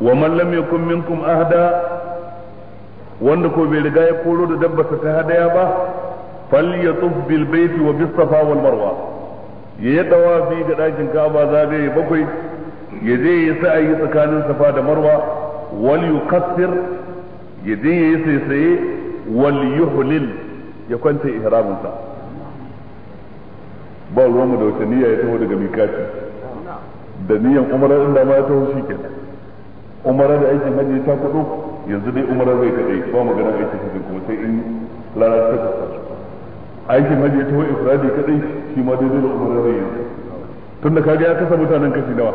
wa man lam yakun minkum ahda wanda ko bai riga ya koro da dabba ta hadaya ba yatuf bil baiti wa bis safa wal marwa ya yi dawafi ga dakin Ka'aba zabe bakwai ya je ya sa'ayi tsakanin safa da marwa wal yukaffir ya je yayi saisaye wal yuhlil ya kwanta ihramin sa ba ruwan mu da wata niyya ya taho daga mikati da niyyan umarar inda ma ya taho shikenan umarar da aikin hajji ta kudu yanzu dai umarar bai kaɗai ba magana aikin hajji kuma sai in lalata ta aikin hajji ya taho ifradi kaɗai shi ma dai da umarar zai yanzu tunda kaga ya kasa mutanen kashi nawa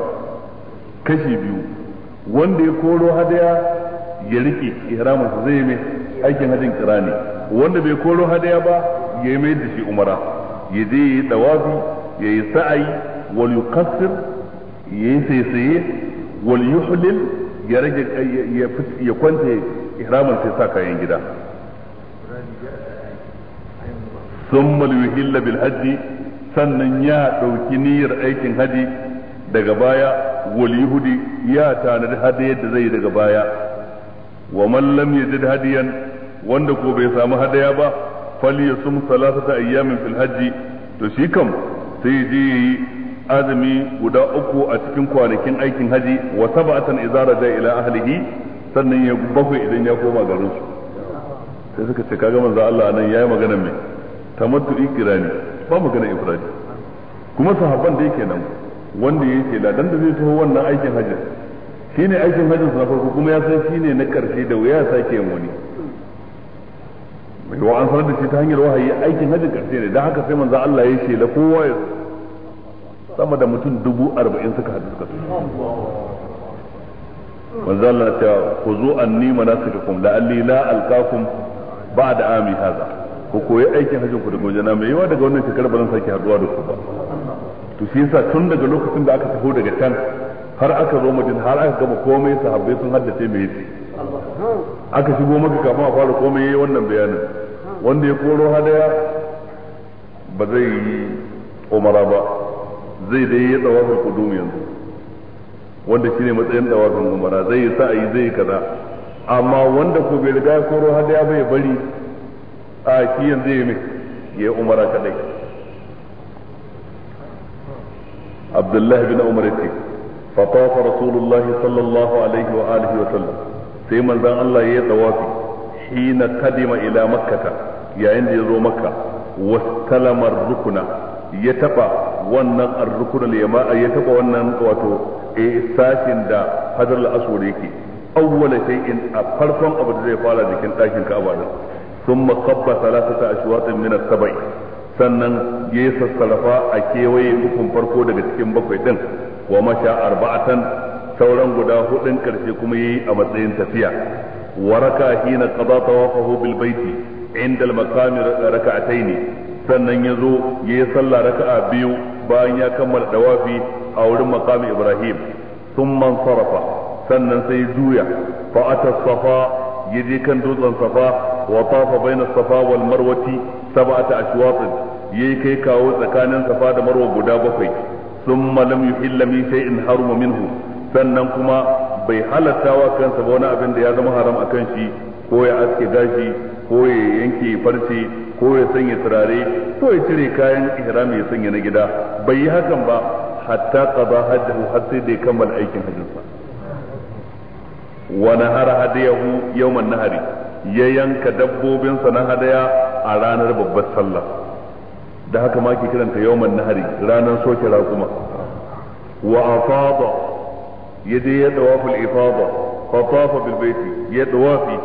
kashi biyu wanda ya koro hadaya ya rike ihramin sa zai mai aikin hajjin kirani wanda bai koro hadaya ba ya mai da shi umara ya je ya yi dawafi ya yi sa'ayi wal yuqassir ya yi saisaye wal yuhlil ya rage ya kwance ihramin sai sa kayan gida ثم ليهل بالحج sannan ya ɗauki niyyar aikin hajji daga baya wal yahudi ya tanadi hadayar yadda zai yi daga baya wa man lam yajid hadiyan wanda ko bai samu hadaya ba fal falyasum salasata ayyamin fil hajji to shi kam sai je yi azumi guda uku a cikin kwanakin aikin haji wa sab'atan idza raja ila ahlihi sannan ya bakwai idan ya koma garin su sai suka ce kaga manzo Allah nan yayi magana mai tamattu ikirani ba magana ifradi kuma sahabban da yake nan wanda ya ce ladan da zai taho wannan aikin hajjin shi ne aikin hajjin na farko kuma ya san shi ne na ƙarshe da wuya sake yin wani mai wa'an an sanar da shi ta hanyar wahayi aikin hajjin ƙarshe ne don haka sai manzo Allah ya ce la kowa ya sama da mutum dubu arba'in suka hadu suka tafi manzo Allah ya ce ku zo anni manasikakum la'alli la alqakum ba'da ami haza ku koyi aikin hajjin ku daga wajena mai yawa daga wannan shekarar ba zan sake haduwa da ku ba to shi yasa tun daga lokacin da aka taho daga can har aka zo madina har aka gama komai sahabbai sun haddace mai yace aka shigo maka kafin a fara komai yayi wannan bayanin wanda ya koro hadaya ba zai yi umara ba zai dai ya tsawafin kudum yanzu wanda shine matsayin tsawafin umara zai yi sa'ayi zai yi kaza amma wanda ko bai riga ya koro hadaya bai bari a shi yanzu ya yi mai ya yi umara kadai abdullahi bin umar yace fa tafa rasulullahi alaihi wa alihi wa sallam sai manzon Allah ya tawafi hina kadima ila makkata yayin da ya zo makka wastalama rukuna ya taba wannan ar ya taba wannan wato eh sashin da hadar al-aswad yake awwala shay'in a farfan abu da zai fara jikin ɗakin Ka'aba Sun thumma qabba thalathata ashwatin min as-sab'i sannan ya yi sassarafa a kewaye ukun farko daga cikin bakwai din wa masha arba'atan sauran guda hudun karshe kuma yayi a matsayin tafiya wa raka hina qada tawafahu bil baiti inda al maqam raka'ataini sannan yazo yayi sallah raka'a biyu bayan ya kammala dawafi a wurin maqam ibrahim thumma sarafa sannan sai juya fa ata safa yaje kan dutsen safa wa tafa baina safa wal marwati sab'ata ashwaqin yayi kai kawo tsakanin safa da marwa guda bakwai malam lam yuhilla min shay'in haruma minhu sannan kuma bai halatta wa kansa ba wani abin da ya zama haram akan shi ko ya aske gashi ko ya yanke farce ko ya sanya turare ko ya cire kayan ihrami ya sanya na gida bai yi hakan ba hatta qada hajjahu har sai da ya kammala aikin hajjinsa wa nahara hadiyahu yawman nahari ya yanka dabbobinsa na hadaya a ranar babbar sallah da haka ma ke kiranta yawman nahari ranar soke raƙuma wa afada ya je ya dawaful ifada fa bil baiti ya dawafi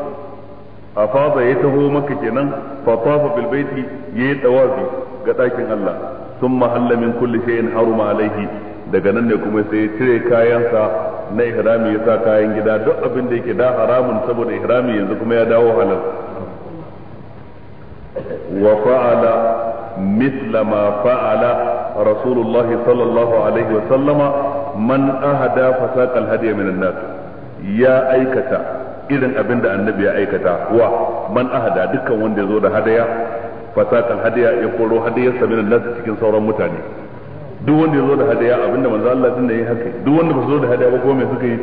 afada ya taho maka kenan fa tafa bil baiti ya dawafi ga dakin Allah thumma halla min kulli shay'in haruma alaihi daga nan ne kuma sai ya cire kayansa na ihrami ya sa kayan gida duk abin da yake da haramun saboda ihrami yanzu kuma ya dawo halal wa fa'ala mithla ma fa'ala rasulullah sallallahu alaihi wa sallama man ahada fasaqa alhadiya min an-nas ya aikata irin abin da annabi ya aikata wa man ahada dukkan wanda ya zo da hadaya fasaqa alhadiya ya koro hadiyarsa min an-nas cikin sauran mutane duk wanda ya zo da hadaya abinda manzo Allah din da yayi haka duk wanda ba zo da hadaya ba ko me suka yi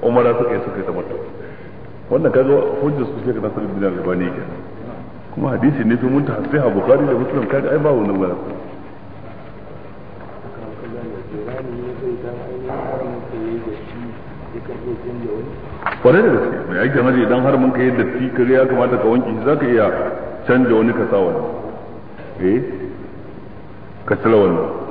umara suka yi suka yi tamattu wannan kaga hujjar su shekara nasar bin al-bani ke kuma hadisi ne fi mun ta sai bukhari da muslim kaga ai ba wannan wala kwarai da gaske mai aikin hajji idan har mun kai datti kare ya kamata ka wanke shi za ka iya canja wani ka sa wani eh ka tsala wani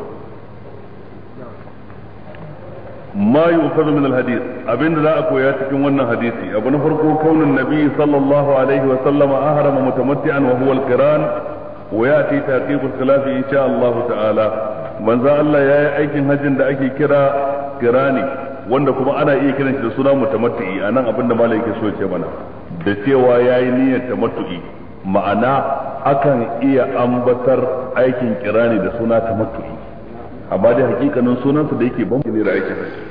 Mayu yu'khadhu min al abinda za a koya cikin wannan hadisi abu na farko kaunin nabi sallallahu alaihi wa sallama ahrama mutamatti'an wa huwa al-qiran wa yati taqibu al-khilaf insha Allah ta'ala manzo Allah yayi aikin hajjin da ake kira kirani wanda kuma ana iya kiran shi da suna mutamatti anan abinda malai yake so ya ce mana da cewa ya yi niyyar tamattu'i ma'ana akan iya ambatar aikin kirani da suna tamattu amma dai hakikanin sunansa da yake ban ne da aikin haji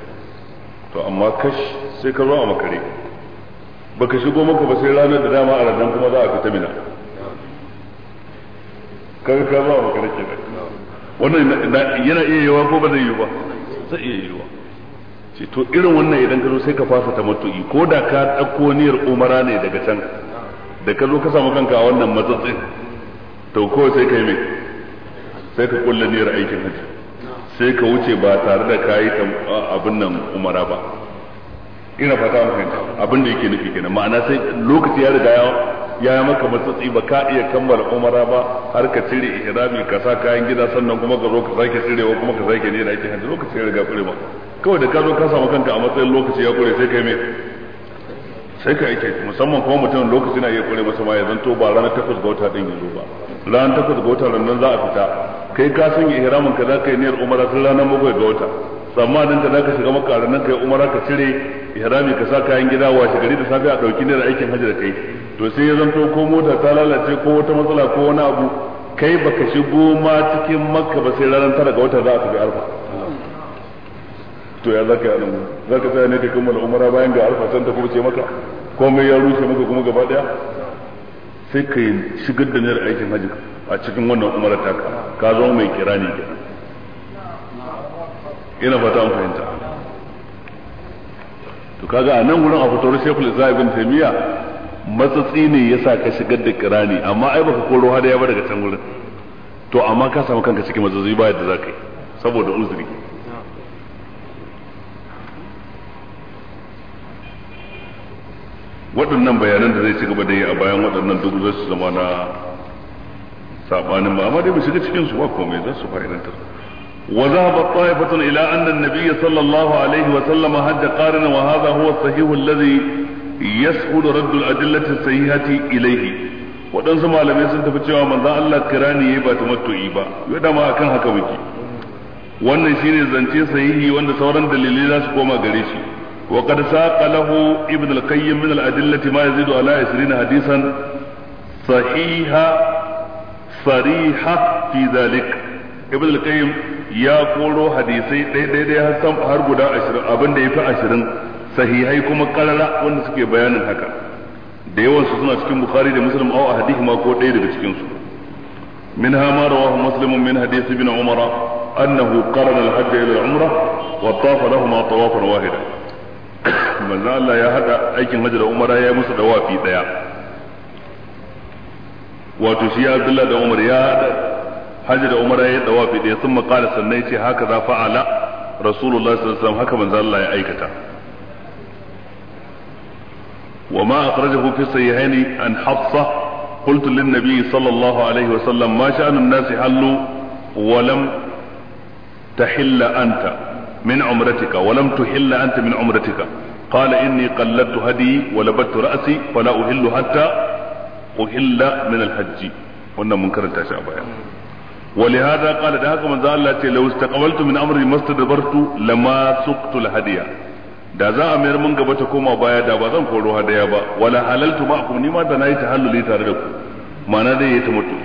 to amma kash sai ka zo a makare baka shigo maka ba sai ranar da dama a ranar kuma za a fita mina kaga ka zo a makare ke wannan yana iya yawa ko ba zai yiwu ba zai iya yiwa ce to irin wannan idan ka zo sai ka fasa ta matu'i ko da ka ɗauko niyyar umara ne daga can da ka zo ka samu kanka a wannan matsatsin to kawai sai ka yi mai sai ka kulle niyyar aikin hajji sai ka wuce ba tare da ka yi abin nan umara ba ina fata mu fahimta abin da yake nufi kenan ma'ana sai lokaci ya riga ya yi maka matsatsi ba ka iya kammala umara ba har ka cire ihrami ka sa kayan gida sannan kuma ka zo ka sake cirewa kuma ka sake ne da ake hajji lokaci ya riga kure ba kawai da ka zo ka samu kanka a matsayin lokaci ya kure sai ka yi sai ka aike musamman kuma mutum lokaci na iya kure masa ma ya zanto ba ranar takwas ga wata ɗin yanzu ba ranar takwas ga wata nan za a fita kai ka sanya ihramin ka zaka yi niyyar umara tun ranar bakwai ga wata tsammanin ka zaka shiga maka ranar kai umara ka cire ihrami ka sa kayan gida wa gari da safiya a dauki niyyar aikin hajji da kai to sai ya zanto ko mota ta lalace ko wata matsala ko wani abu kai baka shigo ma cikin makka ba sai ranar tara ga wata za a tafi arfa to ya zaka yi anan zaka tsaya ne ka kammala umara bayan ga arfa san ta kuma ce maka komai ya rushe maka kuma gaba daya sai ka shigar da niyyar aikin hajji a cikin wannan umarar taka ka zo mai ne kenan ina fata an fahimta to kaga a nan wurin a fitowar shekul islam ibn taymiya matsatsi ne ya sa ka shigar da kira ne amma ai baka koro hada ya ba daga can wurin to amma ka samu kanka cikin matsatsi ba yadda za ka yi saboda uzuri waɗannan bayanan da zai ci gaba da yi a bayan waɗannan duk zai su zama na sabanin ba amma dai mu shiga cikin su ba komai za su fa'idantar وذهب الطائفة إلى أن النبي صلى الله عليه وسلم هج قارنا وهذا هو الصحيح الذي يسهل رد الأدلة الصحيحة إليه waɗansu malamai sun tafi cewa manzan Allah kirani ya ba ta matu'i ba ya dama a kan haka muke wannan shine zance sahihi wanda sauran dalilai za su koma gare shi وقد ساق له ابن القيم من الأدلة ما يزيد على عشرين حديثا صحيحة صريحة في ذلك ابن القيم يا قولوا حديثي دي دي دي هسام هربو عشرين أبن دي في عشرين sahihai kuma karara wanda suke bayanin haka da yawan suna cikin bukhari da muslim aw ahadihi ma ko ɗaya daga cikin min ha ma rawahu muslim min hadith ibn umara annahu qarana al-hajj ila al-umra wahida manzo Allah ya hada aikin hajji da umara ya yi musu da wafi daya wato shi ya Abdullah da Umar ya hada hajji da umara ya yi da wafi daya sun makala sannan ce haka za fa'ala Rasulullah sallallahu haka manzo Allah ya aikata وما أخرجه في الصحيحين عن حفصة قلت للنبي صلى الله عليه وسلم ما شأن الناس حلوا ولم تحل أنت min umratika wa lam tuhilla anta min umratika qala inni qalladtu hadi wa labattu ra'si fala uhillu hatta uhilla min wannan mun a baya ولهذا قال ده هكذا من لو استقبلت من امري ما استدبرت لما سقت الهديه da za a mayar mun gaba ta koma baya da ba zan koro hadaya ba wala halaltu ma'akum ni ma da nayi tahalluli tare da ku ma'ana dai yayi tamattu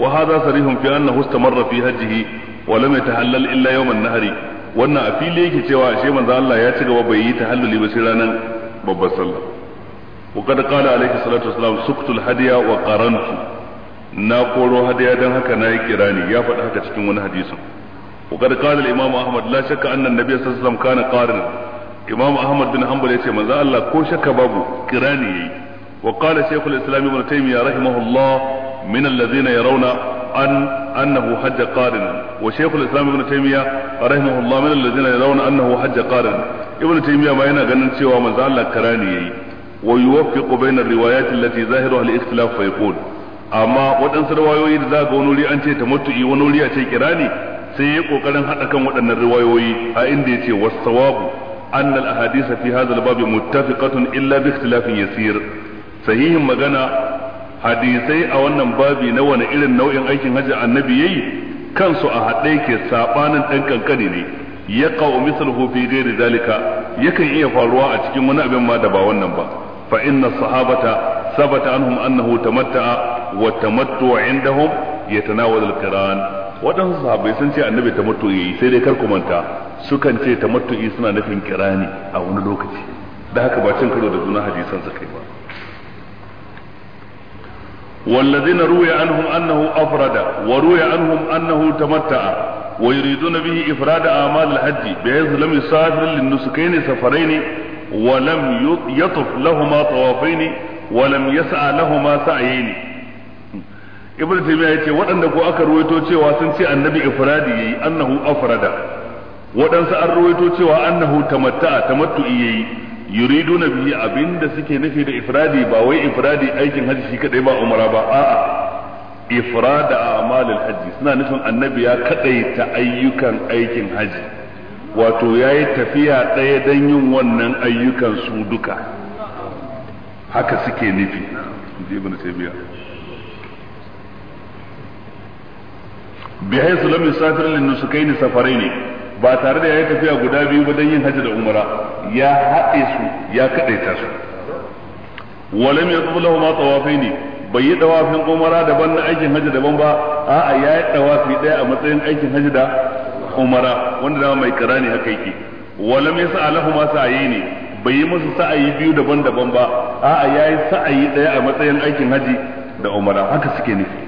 wa hadha sarihun fi annahu istamarra fi hajjihi wa lam yatahallal illa yawm an-nahri wannan a fili yake cewa ashe manzo Allah ya ci gaba bai yi tahalluli ba sai ranar babbar sallah wa kad qala alayhi salatu wassalam suktul hadiya wa qarantu na koro hadiya dan haka nayi kirani ya faɗi haka cikin wani hadisin wa kad qala imam ahmad la shakka anna an-nabiy sallallahu alaihi wasallam imam ahmad bin hanbal yace manzo Allah ko shakka babu kirani yayi wa qala shaykhul islam ibn taymiyyah rahimahullah عن أنه حج قارنا وشيخ الإسلام ابن تيمية رحمه الله من الذين يرون أنه حج قارنا ابن تيمية ما ينا غنن سوى من زعل كراني ويوفق بين الروايات التي ظاهرها الاختلاف فيقول amma waɗansu riwayoyi da za ga wani wuri an ce ta matu'i wani wuri a ce kirani sai ya kokarin haɗa kan waɗannan riwayoyi a inda yace was-sawabu anna al-ahadith fi hadha illa bi ikhtilafin sahihin magana hadisai a wannan babi na wani irin nau'in aikin hajji annabi yayi kansu a haɗe ke sabanin ɗan kankani ne ya qaw mithluhu fi ghairi zalika yakan iya faruwa a cikin wani abin ma da ba wannan ba fa inna sahabata sabata anhum annahu tamatta'a wa tamattu indahum yatanawal al-qiran waɗansu sahabbai sun ce annabi ta yi sai dai kar ku manta sukan ce ta matu'i suna nufin kirani a wani lokaci da haka ba cin karo da juna hadisan su kai ba والذين روي عنهم أنه أفرد وروي عنهم أنه تمتع ويريدون به إفراد أعمال الحج بحيث لم يسافر للنسكين سفرين ولم يطف لهما طوافين ولم يسعى لهما سعيين ibn taymiya yace waɗanda ko aka ruwaito cewa sun ce annabi ifradi yayi annahu afrada waɗansu an ruwaito cewa annahu yayi na biyu abinda suke nufi da ifradi ba wai ifradi aikin hajji shi kadai ba umara ba a'a ifrada a'malul hajji suna nufin annabi ya ta ayyukan aikin hajji wato yayi tafiya ɗaya don yin wannan ayyukan su duka haka suke nufi ibn taymiya bihaythu lam yusafir lin nusakaini safaraini ba tare da ya yi tafiya guda biyu ba don yin hajji da umara, ya haɗe su ya kaɗaita su walam yaqbulahu ma ne, bai yi dawafin umara daban na aikin hajji daban ba a'a ya yi dawafi ɗaya a matsayin aikin hajji da umara wanda dama mai kara ne haka yake walam yasa lahuma ne, bai yi musu sa'ayi biyu daban-daban ba a'a ya yi sa'ayi ɗaya a matsayin aikin hajji da umara haka suke nufi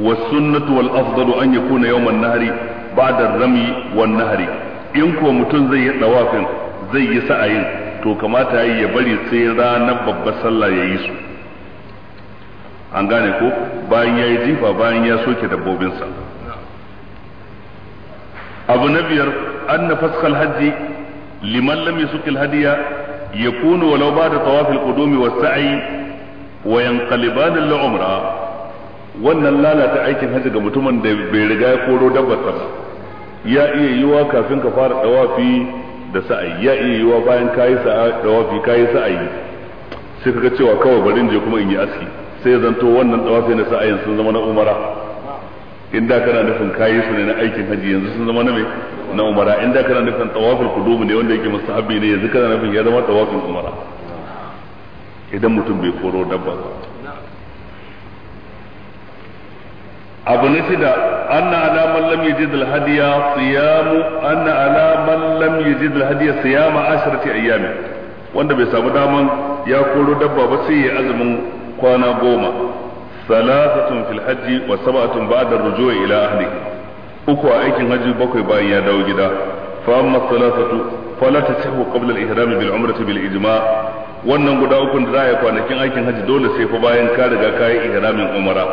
was sunnatu wal afdalu an yakuna yawman nahri ba'da rami wan nahari in ko mutum zai yi dawafin zai yi sa'ayin to kamata yayi ya bari sai ranar babbar sallah yayi su an gane ko bayan yayi jifa bayan ya soke dabbobinsa abu na biyar anna fasqal hajji liman lam yusqil hadiya yakunu walau ba'da tawafil qudumi was sa'i wa yanqaliban al umra wannan lalata aikin hajji ga mutumin da bai riga ya koro dabbar ba ya iya yiwa kafin ka fara dawafi da sa'ayi ya iya yiwa bayan kayi sa'a dawafi kayi sa'ayi sai kaga cewa kawai barin je kuma in yi aski sai zanto wannan dawafi na sa'ayin sun zama na umara inda kana nufin kayi su ne na aikin haji yanzu sun zama na me na umara inda kana nufin tawafin Kudubu ne wanda yake mustahabi ne yanzu kana nufin ya zama tawafin umara idan mutum bai koro dabba ba abu na shida anna ala man lam yajid al hadiya siyamu anna ala man lam yajid al hadiya siyama asharati ayyam wanda bai samu daman ya koro dabba ba sai ya azumin kwana goma salatatun fil hajji wa sab'atun ba'da rujui ila ahli uku a aikin hajji bakwai bayan ya dawo gida fa amma salatatu fala tasihu qabla al ihram bil umrati bil ijma' wannan guda uku da za a yi kwanakin aikin hajji dole sai fa bayan ka riga ka yi ihramin umara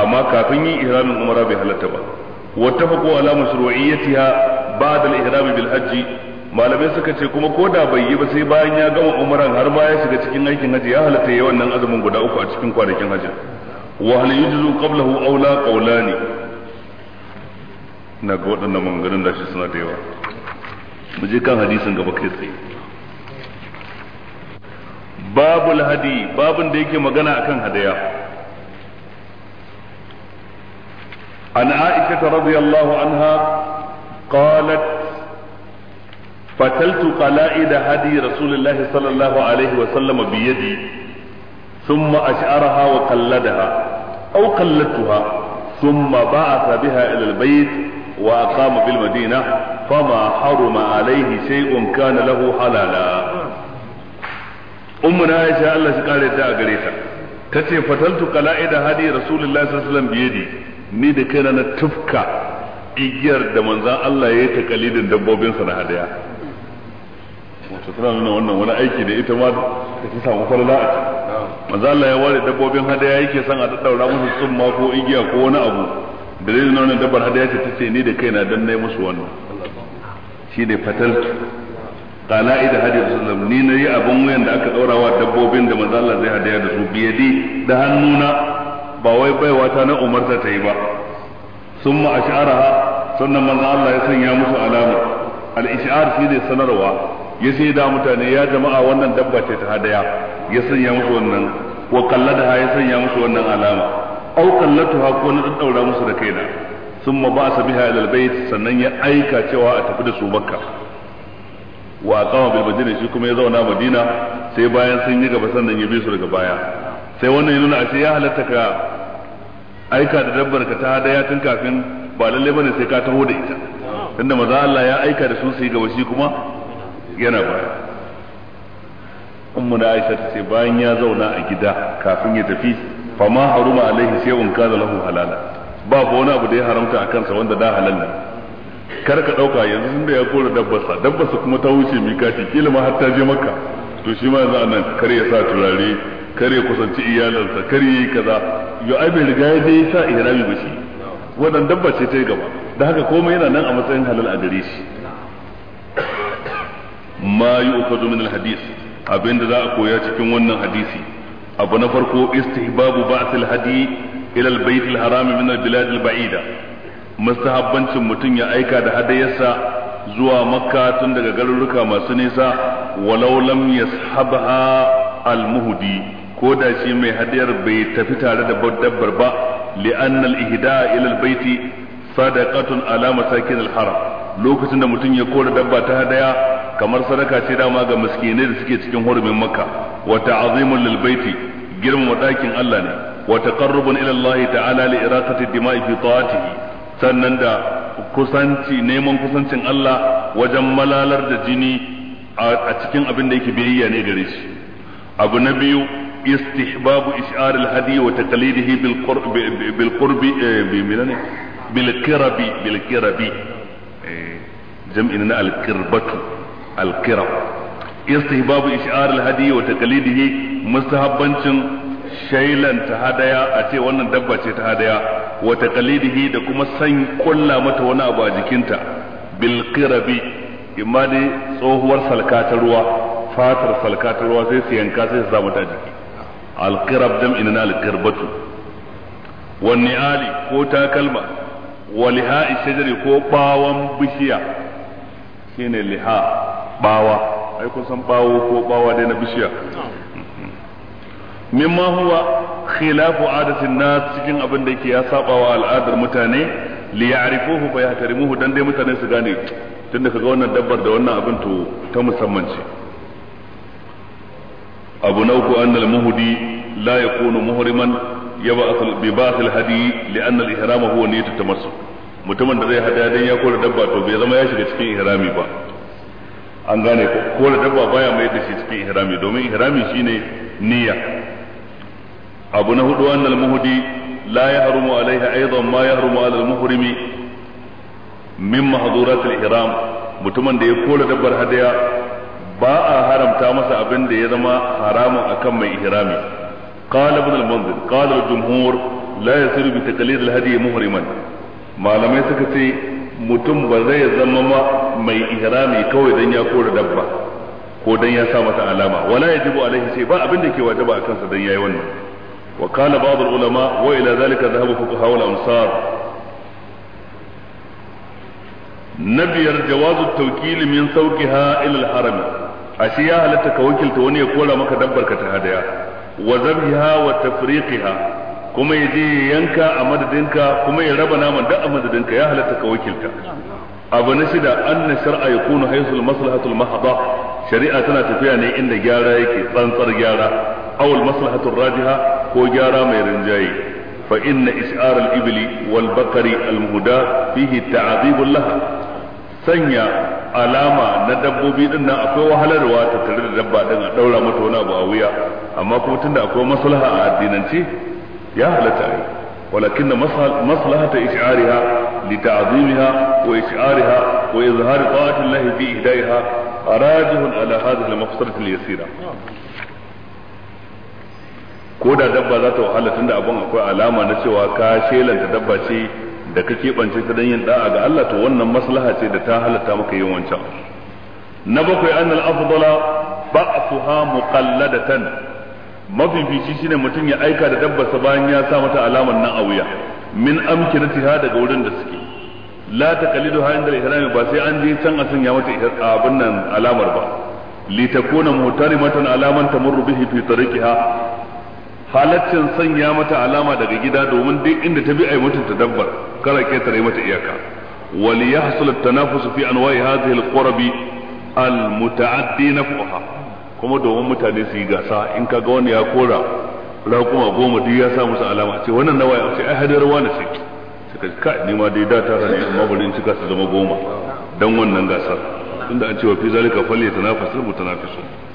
amma kafin yin ihramin umara bai halatta ba wattafaqu ala mashru'iyyatiha ba'da al-ihram bil hajji malamai suka ce kuma ko da bai yi ba sai bayan ya gama umaran har ma ya shiga cikin aikin hajji ya halatta yi wannan azumin guda uku a cikin kwanakin hajji wa hal yujzu qablahu aw la qawlani na ga waɗannan maganganun da shi suna da yawa mu je kan hadisin gaba kai tsaye babul hadi babun da yake magana akan hadaya an aisha radiyallahu anha qalat fataltu qala'id hadi rasulullahi sallallahu alaihi wa sallam bi yadi thumma ash'araha wa qalladaha aw qalladtuha thumma ba'atha biha ila albayt wa aqama bil madinah fama haruma alaihi shay'un kana lahu halala ummu na ce Allah shi kare ta a gare ta ta tace fataltu qala'ida hadi rasulullahi sallallahu alaihi wasallam biyadi ni da kaina na tufka igiyar da manzan Allah ya yi ta kalidin dabbobinsa na hadaya wato tana nuna wannan wani aiki da ita ma da ta samu falala a manzan Allah ya ware dabbobin hadaya yake son a daddaura musu tsumma ko igiya ko wani abu da zai nuna wani dabbar hadaya ce ta ce ni da kaina dan nayi musu wannan shi ne fataltu qala'id hadi sallam ni nayi abin wayan da aka daura wa dabbobin da manzo Allah zai hadaya da su biyadi da hannuna ba wai baiwa ta na umarta ta yi ba summa ash'araha sannan manzo Allah ya sanya musu alama al-ish'ar shi ne sanarwa ya sai da mutane ya jama'a wannan dabba ce ta hadaya ya sanya musu wannan wa kalladaha ya sanya musu wannan alama au kallatuha ko na daura musu da kaina summa ba'sa biha ila al-bayt sannan ya aika cewa a tafi da su makka wa kama bil madina shi kuma ya zauna madina sai bayan sun yi gaba sannan ya bi su daga baya sai wannan ya nuna a ce ya halatta ka aika da dabbar ka ta hadaya tun kafin ba lalle bane sai ka taho da ita tunda maza Allah ya aika da su su yi gaba shi kuma yana baya ummu na Aisha ta ce bayan ya zauna a gida kafin ya tafi fama haruma alaihi shay'un kaza lahu halala ba wani abu da ya haramta akan sa wanda da halalla kar ka dauka yanzu tunda ya kore dabbarsa dabbarsa kuma ta wuce mikati kila ma har ta je maka to shi ma yanzu anan kar ya sa turare kar ya kusanci iyalansa kar ya yi kaza yo ai bai riga ya dai sa ihrami ba shi wannan dabba ce ta gaba da haka komai yana nan a matsayin halal a gare shi ma yu'khadhu min alhadis abinda za a koya cikin wannan hadisi abu na farko istihbabu ba'sil hadi ila albayt alharam min albilad albaida mustahabbancin mutum ya aika da hadayarsa zuwa makka tun daga garuruka masu nisa walau lam yashabha almuhdi ko da shi mai hadayar bai tafi tare da dabbar ba li'anna al-ihda ila al-baiti sadaqatun ala masakin al-haram lokacin da mutum ya kora dabba ta hadaya kamar sadaka ce dama ga miskinai da suke cikin hurumin makka wa ta'zimul lil baiti girmama dakin Allah ne wa taqarrubun ila Allah ta'ala li iraqati dima'i fi ta'atihi sannan da kusanci neman kusancin Allah wajen malalar da jini a cikin abin da yake biyayya ne gare shi abu na biyu istihbabu ish'ar al-hadi wa taqlidihi bil qurbi bil qurbi eh, bi milani bil kirabi bil kirabi eh, jam'in na al-kirbatu al-kirab istihbabu ish'ar al-hadi wa taqlidihi mustahabbancin shailanta hadaya a ce wannan dabba ce ta hadaya wa taqlidihi da kuma san kulla mata wani abu a jikinta bil qirabi imma dai tsohuwar salkata ruwa fatar salkata ruwa sai su yanka sai su zama ta jiki al qirab dam inna al qirbatu wan ni'ali ko takalma wa liha'i shajari ko bawan bishiya shine liha bawa ai kun san bawo ko bawa dai na bishiya mimma huwa khilafu adatin nas cikin abin da yake ya saba wa al'adar mutane li ya'rifuhu fa yahtarimuhu dan dai mutane su gane tunda kaga wannan dabbar da wannan abin to ta musamman ce abu na uku annal muhdi la yakunu muhriman asal bi ba'th hadi li anna al-ihram huwa niyyatu tamassuk mutumin da zai hada dan ya kore dabba to bai zama ya shiga cikin ihrami ba an gane ko kore dabba baya mai da shi cikin ihrami domin ihrami shine niyya abu na hudu annal muhdi la yahrumu alaiha aidan ma ya yahrumu alal muhrimi min mahdurat ihram mutumin da ya kora dabbar hadaya ba a haramta masa abin da ya zama haramun akan mai ihrami qala ibn al-munzir qala al-jumhur la yasiru bi taqlid al-hadi muhriman malamai suka ce mutum ba zai zama ma mai ihrami kawai dan ya kora dabba ko dan ya sa mata alama wala yajibu alaihi sai ba abin da ke wajaba akan sa dan yayi wannan وقال بعض العلماء وإلى ذلك ذهب فقهاء الأمصار نبير جواز التوكيل من سوقها إلى الحرم أشياء التي كوكلت وني يقول مك دبر كتهديا وذبحها وتفريقها kuma ya je yanka a madadinka kuma ya raba naman da a madadinka ya halatta ka wakilta abu na shida anna shar'a yakunu haythu al-maslahatul mahdha shari'a tana tafiya ne inda gyara yake tsantsar gyara أو المصلحة الراجحة هو جارا ميرنجاي فإن إشعار الإبل والبقر المهدى فيه تعذيب لها سنيا علامة ندب بيدنا أكو وحل رواة تترد ربا دنا دولة متونا بأوية أما كوتنا أكو مصلحة الدين أنتي يا أهل هلتاي ولكن مصلحة إشعارها لتعظيمها وإشعارها وإظهار طاعة الله في إهدائها راجح على هذه المفصلة اليسيرة ko da dabba za ta wahala tunda abin akwai alama na cewa ka shelanta dabba ce da ka keɓance ta don yin da'a ga Allah to wannan maslaha ce da ta halatta maka yin wancan na bakwai an al da tan. mafi fici shine mutum ya aika da dabba sa bayan ya sa mata alaman nan a wuya min tiha daga wurin da suke la kalidu ha inda ihrami ba sai an je can a sanya mata abin nan alamar ba litakuna mutarimatan alaman tamurru bihi fi tariqiha halaccin sanya mata alama daga gida domin duk inda ta bi a mutunta dabbar kara yi mata iyaka wal yahsul at-tanafus fi anwa'i hadhihi al-qurabi al-muta'addi naf'uha kuma domin mutane su yi gasa in kaga wani ya kora raƙuma goma duk ya sa musu alama ce wannan nawa ya ce ai hadar wani ce suka ka ni ma dai da ta ne amma bari in cika su zama goma dan wannan gasar tunda an ce wa fi zalika falyatanafasul mutanafisun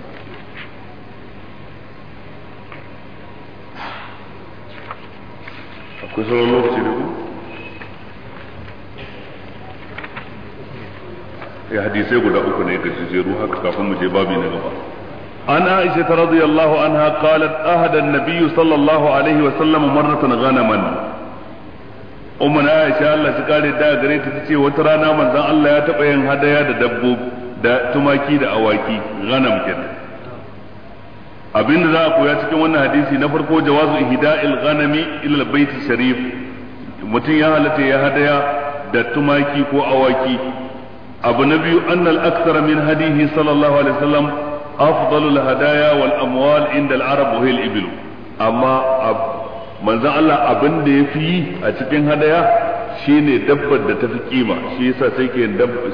ku sauran lokaci da ku ya hadisai guda uku ne ga jeru haka kafin mu je babi na gaba an aisha ta radiyallahu anha qalat ahada an-nabiy sallallahu alaihi wa sallam marratan ghanaman umma aisha Allah ta kare da gare ta tace wata rana manzon Allah ya taba yin hadaya da dabbobi da tumaki da awaki ghanam kenan abinda za a koya cikin wannan hadisi na farko jawazu ihda'il ghanami ila baiti sharif mutum ya halatta ya hadaya da tumaki ko awaki abu na biyu annal aktsara min hadihi sallallahu alaihi wasallam afdalu al hadaya wal amwal inda al arab wa al ibl amma manzon Allah abin da yafi a cikin hadaya shine dabbar da tafi kima shi yasa sai ke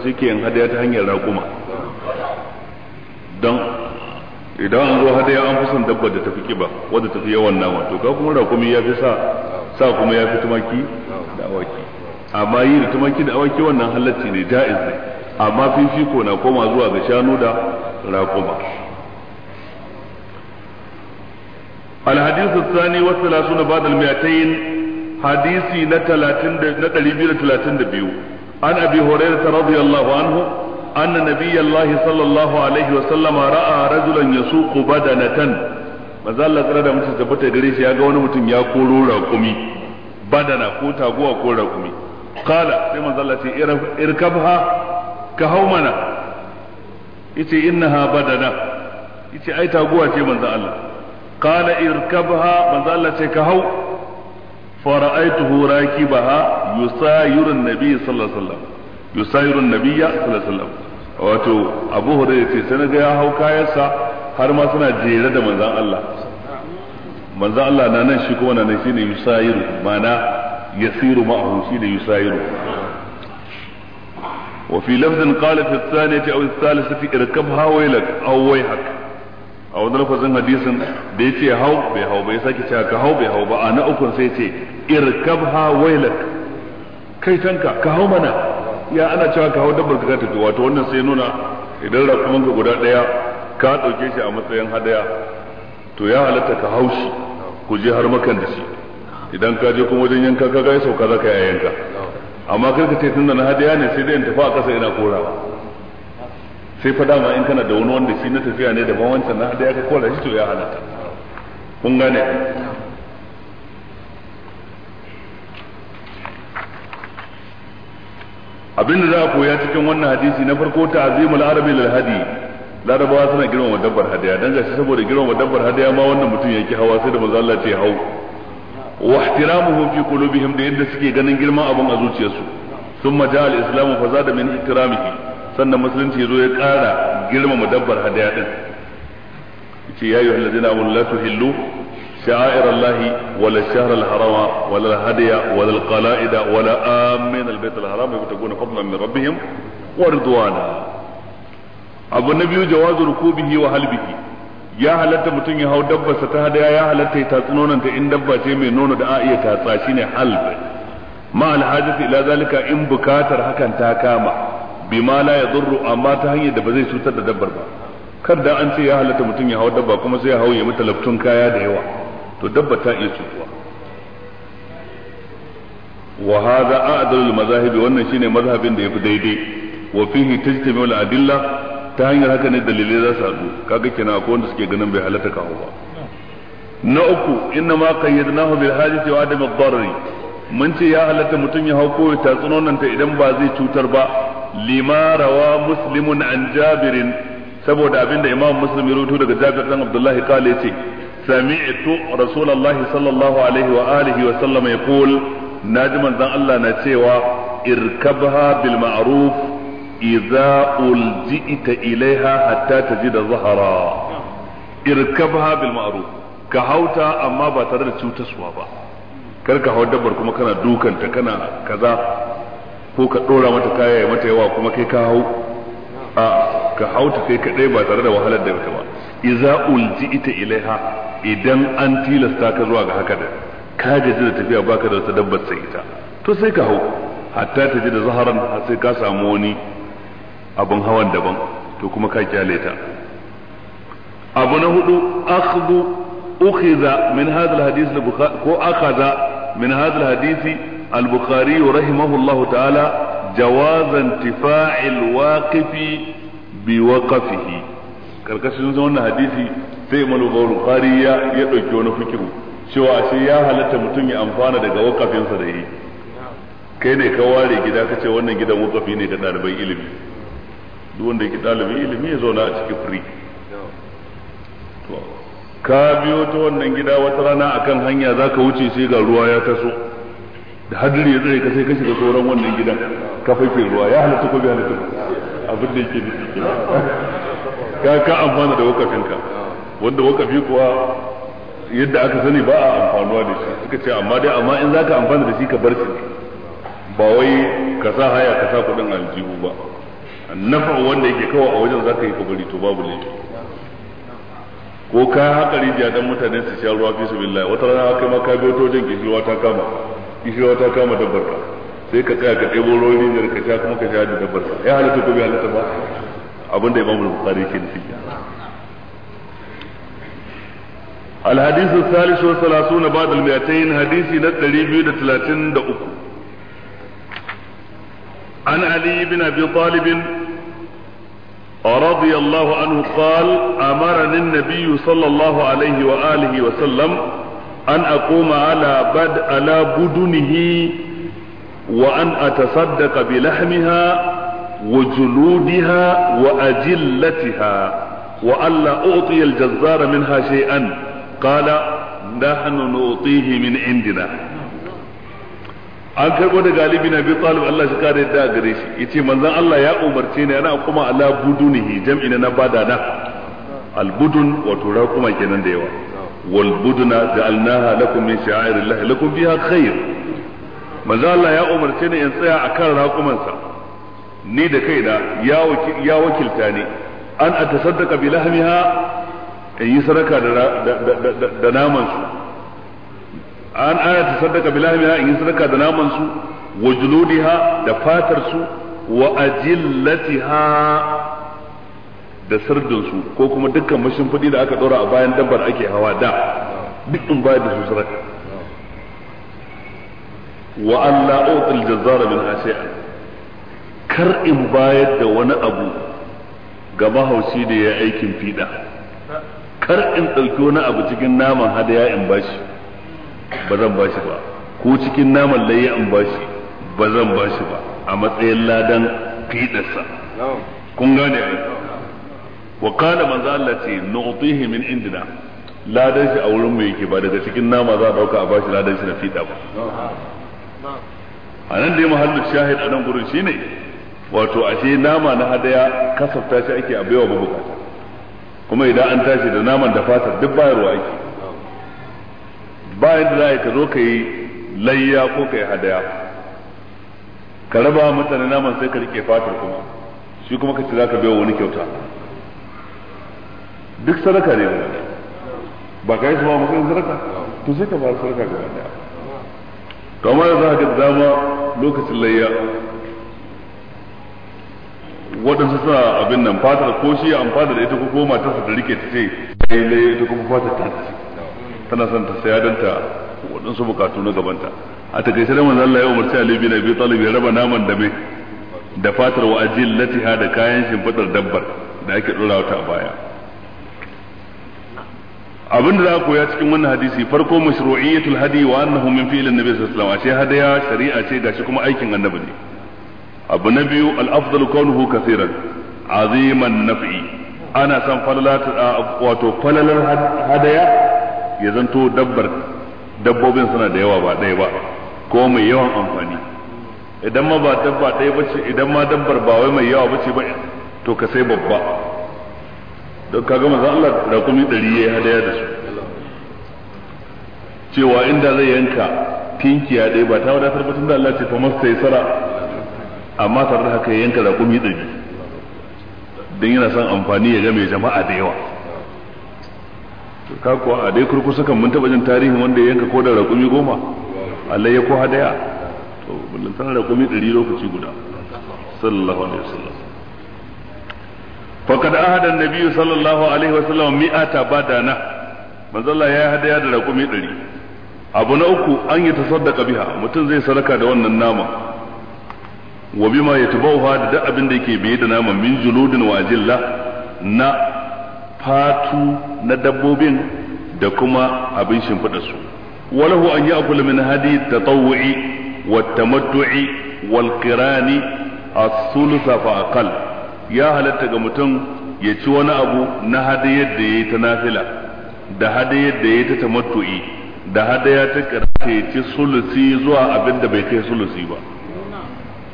sai ke hadaya ta hanyar raƙuma don idan an zo hadaya an fi son dabbar da tafi kiba wadda tafi yawan nama to ka kuma rakumi ya fi sa sa kuma ya fi tumaki da awaki amma yi da tumaki da awaki wannan halacci ne ja'iz ne amma fifiko na koma zuwa ga shanu da rakuma الحديث الثاني والثلاثون بعد المئتين حديثي نتلاتن نتلبي لتلاتن دبيو عن أبي هريرة رضي الله Anhu. أن نبي الله صلى الله عليه وسلم رأى رجلا يسوق بدنة maza Allah tsara da mutum tabbata gare shi ya ga wani mutum ya koro raƙumi badana ko taguwa ko raƙumi kala sai manzo Allah ce irkabha ka hau mana yace innaha badana yace ai taguwa ce manzo Allah kala irkabha manzo ka hau yusairun nabiyya sallallahu alaihi wasallam wato abu hurairah ce sai naga ya hau kayansa har ma suna jere da manzan Allah manzan Allah na nan shi kuma na nan shine yusairu ma'ana yasiru ma'ahu shine yusairu وفي لفظ قال في الثانية أو الثالثة اركبها ويلك أو ويحك a wani lafazin hadisin da ya ce hau bai hau bai sake cewa ka hau bai hau ba a na ukun sai ce irkab ha wailak kai tanka ka hau mana ya ana cewa ka hau dabbar ka ta to wato wannan sai nuna idan rakuman ka guda daya ka dauke shi a matsayin hadaya to ya halatta ka hau shi ku je har makan da shi idan ka je kuma wajen yanka ka ga sauka zaka yi yanka amma kar ka ce da na hadaya ne sai dai in tafi a kasa ina korawa sai fa dama in kana da wani wanda shi na tafiya ne daban wancan na hadaya ka kora shi to ya halatta kun gane abinda za a koya cikin wannan hadisi na farko ta azimul arabi lil hadi larabawa suna girmama dabbar hadaya dan gashi saboda girmama dabbar hadaya ma wannan mutum yake hawa sai da manzo Allah ce hau wa ihtiramuhu fi qulubihim da yadda suke ganin girman abin a zuciyarsu thumma ja'a al-islamu fa zada min ihtiramihi sannan musulunci yazo ya kara girmama dabbar hadaya din yace ya ayyuhallazina amanu la tuhillu شعائر الله ولا الشهر الحرام ولا الهدي ولا القلائد ولا آمن البيت الحرام يبتغون فضلا من ربهم ورضوانا abu na biyu jawazu rukubihi wa halbihi ya halatta mutum ya hau sa ta hadaya ya halatta ya tatsi in dabba ce mai nono da a iya tatsa shine halb ma alhajati ila zalika in bukatar hakan ta kama bima la yadurru amma ta hanyar da ba zai cutar da dabbar ba kar da an ce ya halatta mutum ya hau dabba kuma sai ya hau ya mata laftun kaya da yawa to dabba ta iya cutuwa wa hadha a'dalu al-mazahib wannan shine mazhabin da yafi daidai wa fihi tajtami'u al-adilla ta hanyar haka ne dalilai za su Ka kaga kenan akwai wanda suke ganin bai halatta kawo ba na uku inna ma qayyadnahu bil hadith wa adam ad darr mun ce ya halatta mutum ya hau koyi nan ta idan ba zai cutar ba lima rawa muslimun an jabirin saboda abinda imam muslim ya daga jabir dan abdullahi Kale ce. sami'tu rasulullahi sallallahu alaihi wa alihi wa sallam yaqul naji manzon Allah na cewa irkabha bil ma'ruf idza uljita ilaiha hatta da zahara irkabha bil ma'ruf ka hauta amma ba tare da cutaswa ba kar ka hau dabbar kuma kana dukanta kana kaza ko ka dora mata kayaya mata yawa kuma kai ka hau a ka hauta kai kaɗai ba tare da wahalar da ita ba idza ita ilaiha idan an tilasta ka zuwa ga haka da ka gaji da tafiya baka da wata dabbar sai ita to sai ka hau hatta ta ji da zaharan sai ka samu wani abin hawan daban to kuma ka kyale ta abu na hudu akhdhu ukhiza min hadha alhadith al-bukhari ko akhadha min hadha alhadith al-bukhari rahimahullahu ta'ala jawazan tifa'il al-waqif bi waqfihi karkashin wannan hadisi sai imam bukhari ya ya dauki wani fikiru cewa shi ya halatta mutum ya amfana daga wakafinsa da yi kai ne ka ware gida ka ce wannan gidan wakafi ne ga dalibai ilimi duk wanda yake ɗalibin ilimi ya zauna a cikin free ka biyo ta wannan gida wata rana akan hanya za ka wuce sai ga ruwa ya taso da hadiri ya tsaye ka sai ka shiga sauran wannan gidan ka fafe ruwa ya halatta ko bai halatta abin da yake da ka ka amfana da wakafinka wanda wakafi kuwa yadda aka sani ba a amfanuwa da shi suka ce amma dai amma in zaka amfana da shi ka bar shi ba wai ka sa haya ka sa kudin aljihu ba nafa wanda yake kawo a wajen zaka yi kabari to babu ne ko ka haka rijiya dan mutanen su sha ruwa fi su billahi wata rana kai ma ka biyo ta wajen kishirwa ta kama kishirwa ta kama dabbar sai ka tsaya ka ɗebo rori ne ka sha kuma ka sha da dabbar ya halatta ko bai halatta ba abin da imamu bukhari ke nufi الحديث الثالث والثلاثون بعد المئتين حديث نتري بيد ثلاثين دقوق عن علي بن أبي طالب رضي الله عنه قال أمرني النبي صلى الله عليه وآله وسلم أن أقوم على بد على بدنه وأن أتصدق بلحمها وجلودها وأجلتها وألا أعطي الجزار منها شيئا قال نحن نعطيه من عندنا an karbo da galibi na biyu talib Allah shi kare da gare shi yace manzon Allah ya umarce ni ana kuma ala budunihi jam'i na bada Al-budun wato ra kuma kenan da yawa wal buduna ja'alnaha lakum min sha'airillahi lakum fiha khair manzon Allah ya umarce ni in tsaya akan raƙumansa ni da kaina ya wakilta ni. an a tasaddaka bi lahmiha in yi sadaka da naman su an a tasaddaka bi lahmiha in yi sadaka da naman su wa juludiha da fatar su wa ajillatiha da sardin su ko kuma dukkan mashimfidi da aka dora a bayan dabbar ake hawa da duk in bayar da su sadaka wa an la'utul jazzara min shay'an kar in bayar da wani abu ga mahaushi da ya aikin fiɗa kar in ɗauki wani abu cikin naman hadaya in bashi ba zan bashi ba ko cikin naman layya in bashi ba zan bashi ba a matsayin ladan fiɗarsa kun gane ne wa qala manzo Allah ce nu'tihi min indina ladan shi a wurin mu yake ba daga cikin nama za a dauka a bashi ladan shi na fiɗa ba a nan dai mahallin shahid a nan gurin shine wato ashe nama na hadaya kasafta shi ake a baiwa mabukata kuma idan an tashi da naman da fatar duk bayarwa ake bayan da za ka zo ka yi layya ko ka yi hadaya ka raba mutane naman sai ka rike fatar kuma shi kuma ka ci za ka baiwa wani kyauta duk sadaka ne ba ka yi su ba matsayin sadaka to sai ka ba sadaka ga daya kamar da za ka dama lokacin layya waɗansu suna abin nan fatar ko shi amfana da ita ko ta matarsa ta rike ta ce lailai ita kuma fatar ta ce tana son ta saya don ta waɗansu bukatu na gabanta a takaice da manzo Allah ya umarci Ali bin biyu talibi ya raba naman da mai da fatar wa latiha da kayan shimfidar dabbar da ake ɗora wata a baya abin da za ku koya cikin wannan hadisi farko mashru'iyatul hadi wa annahu min fi'lin annabi sallallahu alaihi wasallam ashe hadaya shari'a ce gashi kuma aikin annabi ne abu na biyu al'afdal Kwanu Kasiran, kaseeran aziman naf'i ana san a wato falalar hadaya ya zanto dabbar dabbobin suna da yawa ba ɗaya ba ko mai yawan amfani idan ma ba dabba ɗaya ba ce idan ma dabbar ba wai mai yawa ba ce ba to ka sai babba don ka gama, manzon Allah rakumi ɗari ya yi hadaya da su cewa inda zai yanka tinkiya ɗaya ba ta wadatar ba da Allah ce fa sara. amma tare da haka ya yanka raƙumi ɗari don yana son amfani ya ga mai jama'a da yawa ka kuwa a dai kurkusa kan mun taɓa jin tarihin wanda ya yanka ko da raƙumi goma Allah ya ko hadaya to bullan tana raƙumi ɗari lokaci guda sallallahu alaihi wasallam faqad ahada an-nabiy sallallahu alaihi wasallam mi'ata badana manzo Allah ya hadaya da raƙumi ɗari abu na uku an yi tasaddaqa biha mutum zai sadaka da wannan nama wa bima yatbauha da duk abin da yake biye da naman min juludin wa jilla na fatu na dabbobin da kuma abin shimfiɗa su walahu an ya'kula min hadi tatawwu'i wa tamattu'i wal qirani as sulusa fa aqal ya halatta ga mutum ya ci wani abu na hadayar da yayi ta nafila da hadayar yadda yayi ta tamattu'i da hadaya ta karfe ci sulusi zuwa abin da bai kai sulusi ba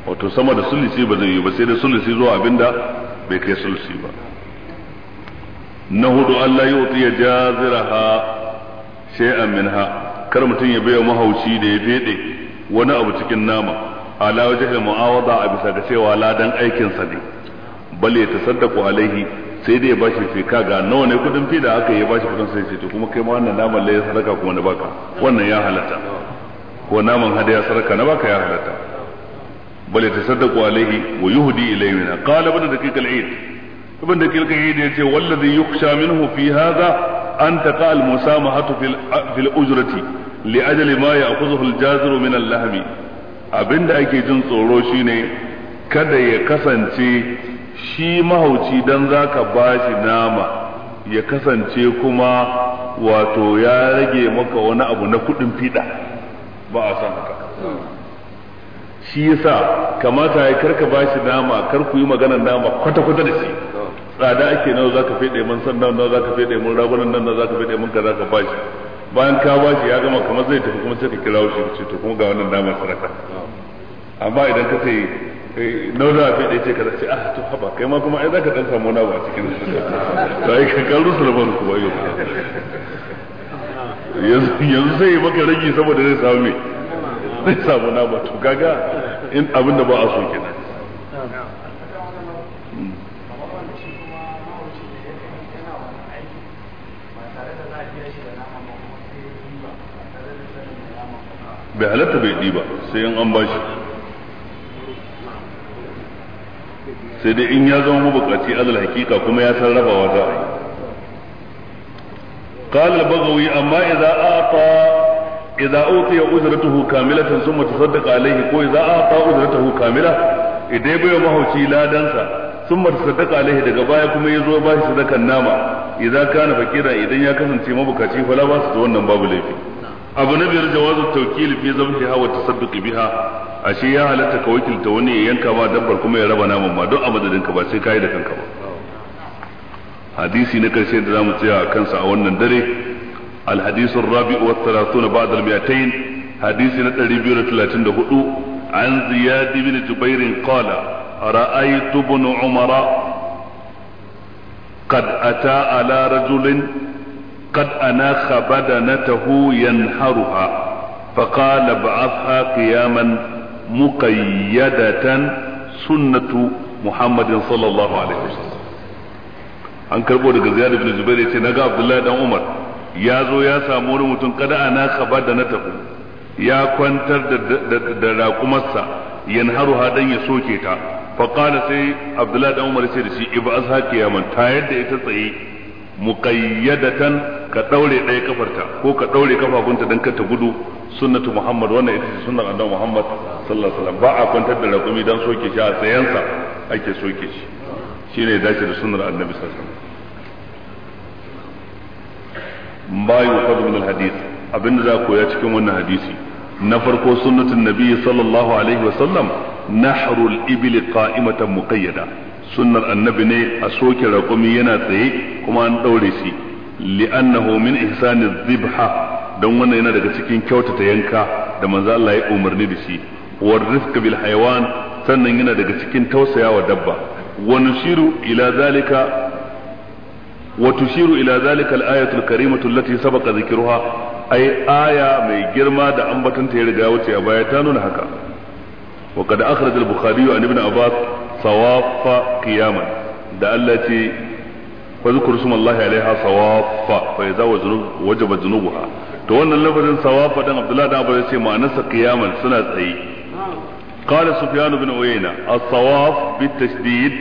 wato sama da sulusi ba zai yi ba sai da sulusi zuwa abinda bai kai sulusi ba na hudu Allah ya wuce ya jaziraha shay'an minha kar mutum ya bayyana mahauci da ya fede wani abu cikin nama ala wajhil mu'awada a bisa ga cewa ladan aikin sa ne bal ya tasaddaqu alaihi sai dai ya bashi fika ga nawa ne kudin fi da aka yi bashi kudin sai sai to kuma kai ma wannan naman lai sadaka kuma na baka wannan ya halatta ko naman hadaya sadaka na baka ya halatta bal yatasaddaqu alayhi wa yuhdi kal'i qala ibn daqiq al-eid ibn daqiq al-eid yace wallazi yukhsha minhu fi hadha an taqa al-musamahatu fil fil ujrati li ajli ma ya'khudhuhu al-jaziru min al-lahm abinda ake jin tsoro shine kada ya kasance shi mahauci dan zaka shi nama ya kasance kuma wato ya rage maka wani abu na kuɗin fiɗa, ba san haka shi yasa kamata ya karka shi nama kar ku yi maganar nama kwata kwata da shi tsada ake nawa zaka fede mun san nawa zaka fede mun ragunan nan nawa zaka fede mun kaza ka shi bayan ka shi ya gama kamar zai tafi kuma sai ka kira shi ce to kuma ga wannan namar saraka amma idan ka eh, sai nawa zaka fi da ce ka ce ah to haba kai ma kuma ai zaka dan samu nawa a cikin su sai ka kallu sulman ku bayo yanzu yanzu sai maka rage saboda zai samu me zai samu nama to kaga in abin da ba a so kenan bai halatta bai ɗi ba sai in an bashi sai dai in ya zama mabukaci alal hakika kuma ya san rabawa za a yi قال البغوي أما إذا أعطى idza utiya uzratuhu kamilatan thumma tasaddaqa alayhi ko idza ata uzratuhu kamila idai baiwa mahauci ladansa thumma tasaddaqa alayhi daga baya kuma yazo ba shi sadakan nama idza kana fakira idan ya kasance mabukaci fala ba su wannan babu laifi abu na biyar jawazu tawkil fi zabhiha wa tasadduq biha ashe ya halatta ka wakilta wani ya yanka ma dabbar kuma ya raba naman ma don a madadin ka ba sai kai da kanka ba hadisi na karshe da zamu tsaya a kansa a wannan dare الحديث الرابع والثلاثون بعد المئتين حديث نتري بيرة ثلاثين عن زياد بن جبير قال رأيت ابن عمر قد أتى على رجل قد أناخ بدنته ينحرها فقال بعثها قياما مقيدة سنة محمد صلى الله عليه وسلم عن كربو زياد بن ibn zubair عبد الله بن عمر ya zo ya samu wani mutum kada ana kaba da na tafi ya kwantar da rakumarsa yan haru hadan ya soke ta faƙala sai abdullahi dan umar sai da shi iba azha kiyaman ta yadda ita tsaye muqayyadatan ka daure ɗaya kafarta ko ka daure kafafunta dan ka ta gudu sunnatu muhammad wannan ita ce sunnar annabi muhammad sallallahu alaihi wasallam ba a kwantar da rakumi dan soke shi a tsayansa ake soke shi shine ya dace da sunnar annabi sallallahu alaihi wasallam ma yuqadu min hadith abinda za koya cikin wannan hadisi na farko sunnatin nabi sallallahu alaihi wa sallam nahrul ibil qa'imatan muqayyada sunnar annabi ne a soke raƙumi yana tsaye kuma an daure shi li'annahu min ihsani dhibha don wannan yana daga cikin kyautata yanka da manzo Allah ya umarni da shi war rizq bil hayawan sannan yana daga cikin tausayawa dabba wa nushiru ila zalika wa tushiru ila zalika al-ayatul karimatu allati sabaqa dhikruha ay aya mai girma da ambaton ta ya riga wuce a baya ta nuna haka wa kad akhraj al-bukhari wa ibn abbas sawaffa qiyaman da Allah ce fa zikru sumallahi alaiha sawaffa fa yaza wajaba zunubuha to wannan lafazin sawaffa dan abdullahi dan abbas ce ma'anarsa qiyaman suna tsaye قال سفيان بن عيينة الصواف بالتشديد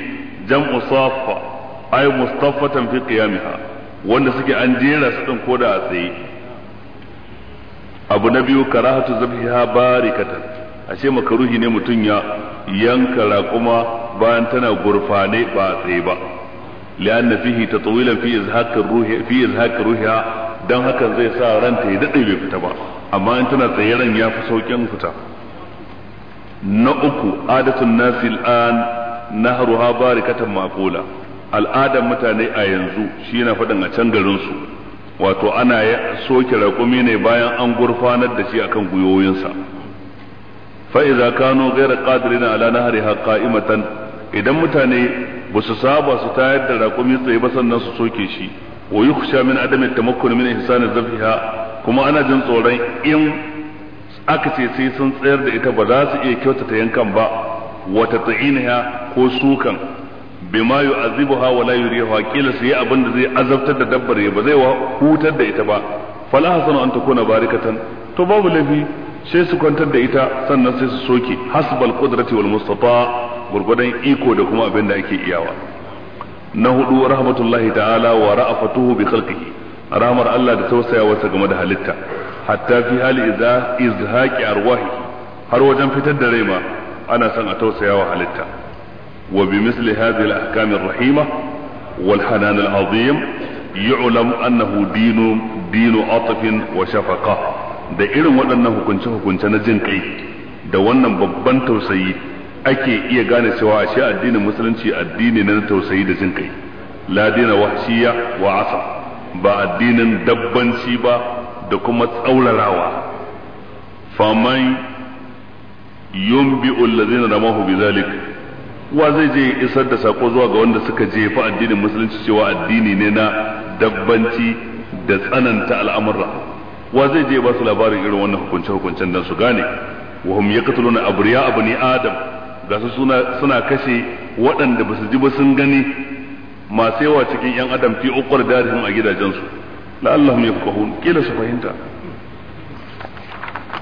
جمع صافة ay mustaffatan fi qiyamiha wanda suke an jera su din koda a tsaye abu na biyu karahatu zabhiha barikatan ashe makaruhi ne mutum ya yanka raƙuma bayan tana gurfane ba a tsaye ba li'anna fihi tatwilan fi izhaqir ruhi fi izhaqir ruhiha dan hakan zai sa ranta ya dade bai fita ba amma in tana tsaye ran ya fi saukin fita na uku adatun nasil an nahruha barikatan maqula al'adar mutane a yanzu shi na faɗin a can su wato ana soke raƙumi ne bayan an gurfanar da shi akan gwiwoyinsa fa'iza kano gaira ƙadirin ala nahari qa'imatan idan mutane ba su saba su tayar da raƙumi tsaye ba sannan su soke shi wa yukhsha min adam at-tamakkun min ihsan zafiha kuma ana jin tsoron in aka ce sai sun tsayar da ita ba za su iya kyautata yankan ba wata tat'inha ko sukan bima yu'azibuha wa la yuriha kila sai abin da zai azabtar da dabbar ba zai hutar da ita ba fala hasana an takuna barikatan to babu lafi sai su kwantar da ita sannan sai su soke hasbal qudrati wal mustafa gurgudan iko da kuma abin da ake iyawa na hudu rahmatullahi ta'ala wa ra'afatuhu bi khalqihi rahmar Allah da tausayawarsa game da halitta hatta fi hali izhaqi arwahi har wajen fitar da rai ma ana son a tausayawa halitta وبمثل هذه الأحكام الرحيمة والحنان العظيم يعلم أنه دين دين عطف وشفقة da irin waɗannan hukunce-hukunce na jin kai da wannan babban tausayi ake iya gane cewa ashe addinin musulunci addini na tausayi da jin kai la dina wahshiya wa asa ba addinin dabbanci ba da kuma tsaurarawa faman yumbi alladhina ramahu bi zalika Kuwa zai je isar da sako zuwa ga wanda suka jefa addinin musulunci cewa addini ne na dabbanci da tsananta al'amurra wa zai je ba su labarin irin wannan hukunce hukuncen dan su gane wa hum yaqtuluna abriya bani adam ga su suna kashe waɗanda ba su ji ba sun gani masu yawa cikin yan adam fi uqur darihim a gidajensu la'allahum yafqahun kila su fahimta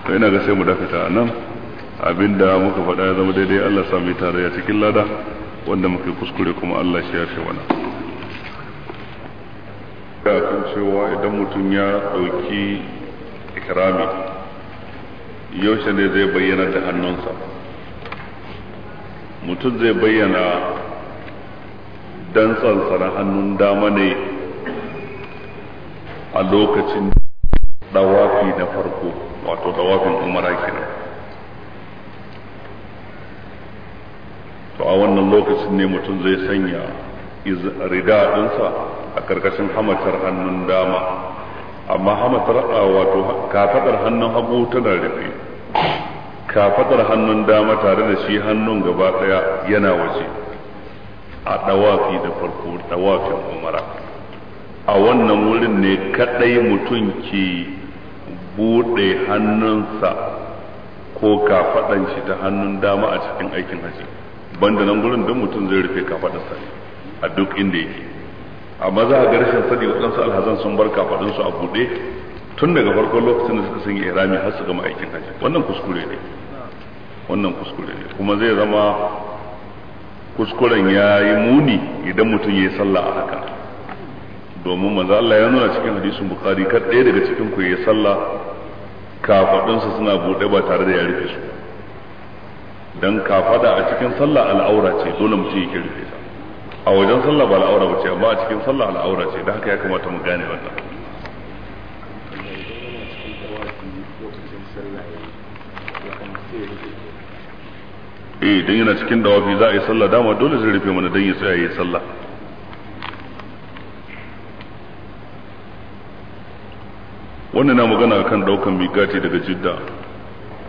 to ina sai mu dakata nan abinda muka faɗa ya zama daidai Allah sami tarayya cikin lada wanda muka kuskure kuma Allah shi ya fi wani kan cewa idan mutum ya ɗauki ikrami yaushe ne zai bayyana da hannunsa mutum zai bayyana dantsansa na hannun dama ne a lokacin dawafi na farko wato dawafin umara kenan to a wannan lokacin ne mutum zai sanya rida ɗinsa a ƙarƙashin hamatar hannun dama amma hamatar wato kafaɗar hannun hagu tana rufe kafaɗar hannun dama tare da shi hannun gaba ɗaya yana waje a ɗawafi da farko ɗawafin umara a wannan wurin ne kaɗai mutum ke buɗe hannunsa ko kafaɗan shi ta hannun dama a cikin aikin hajji banda nan gurin don mutum zai rufe kafadarsa a duk inda yake amma za a ga rashin sani waɗansu alhazan sun bar kafaɗinsu a buɗe tun daga farkon lokacin da suka sun yi irami har su gama aikin hajji wannan kuskure ne wannan kuskure ne kuma zai zama kuskuren ya yi muni idan mutum ya yi sallah a haka domin manzo Allah ya nuna cikin hadisin bukhari kar daga cikin ku ya sallah kafaɗinsa suna buɗe ba tare da ya rufe su dan kafada a cikin sallah al'aura ce dole mutum yake rufe ta a wajen sallah ba al'aura ba ce amma a cikin sallah al'aura ce dan haka ya kamata mu gane wannan eh dan yana cikin dawafi za a yi sallah dama dole zai rufe mana dan ya tsaya yi sallah wannan na magana kan daukan migati daga jidda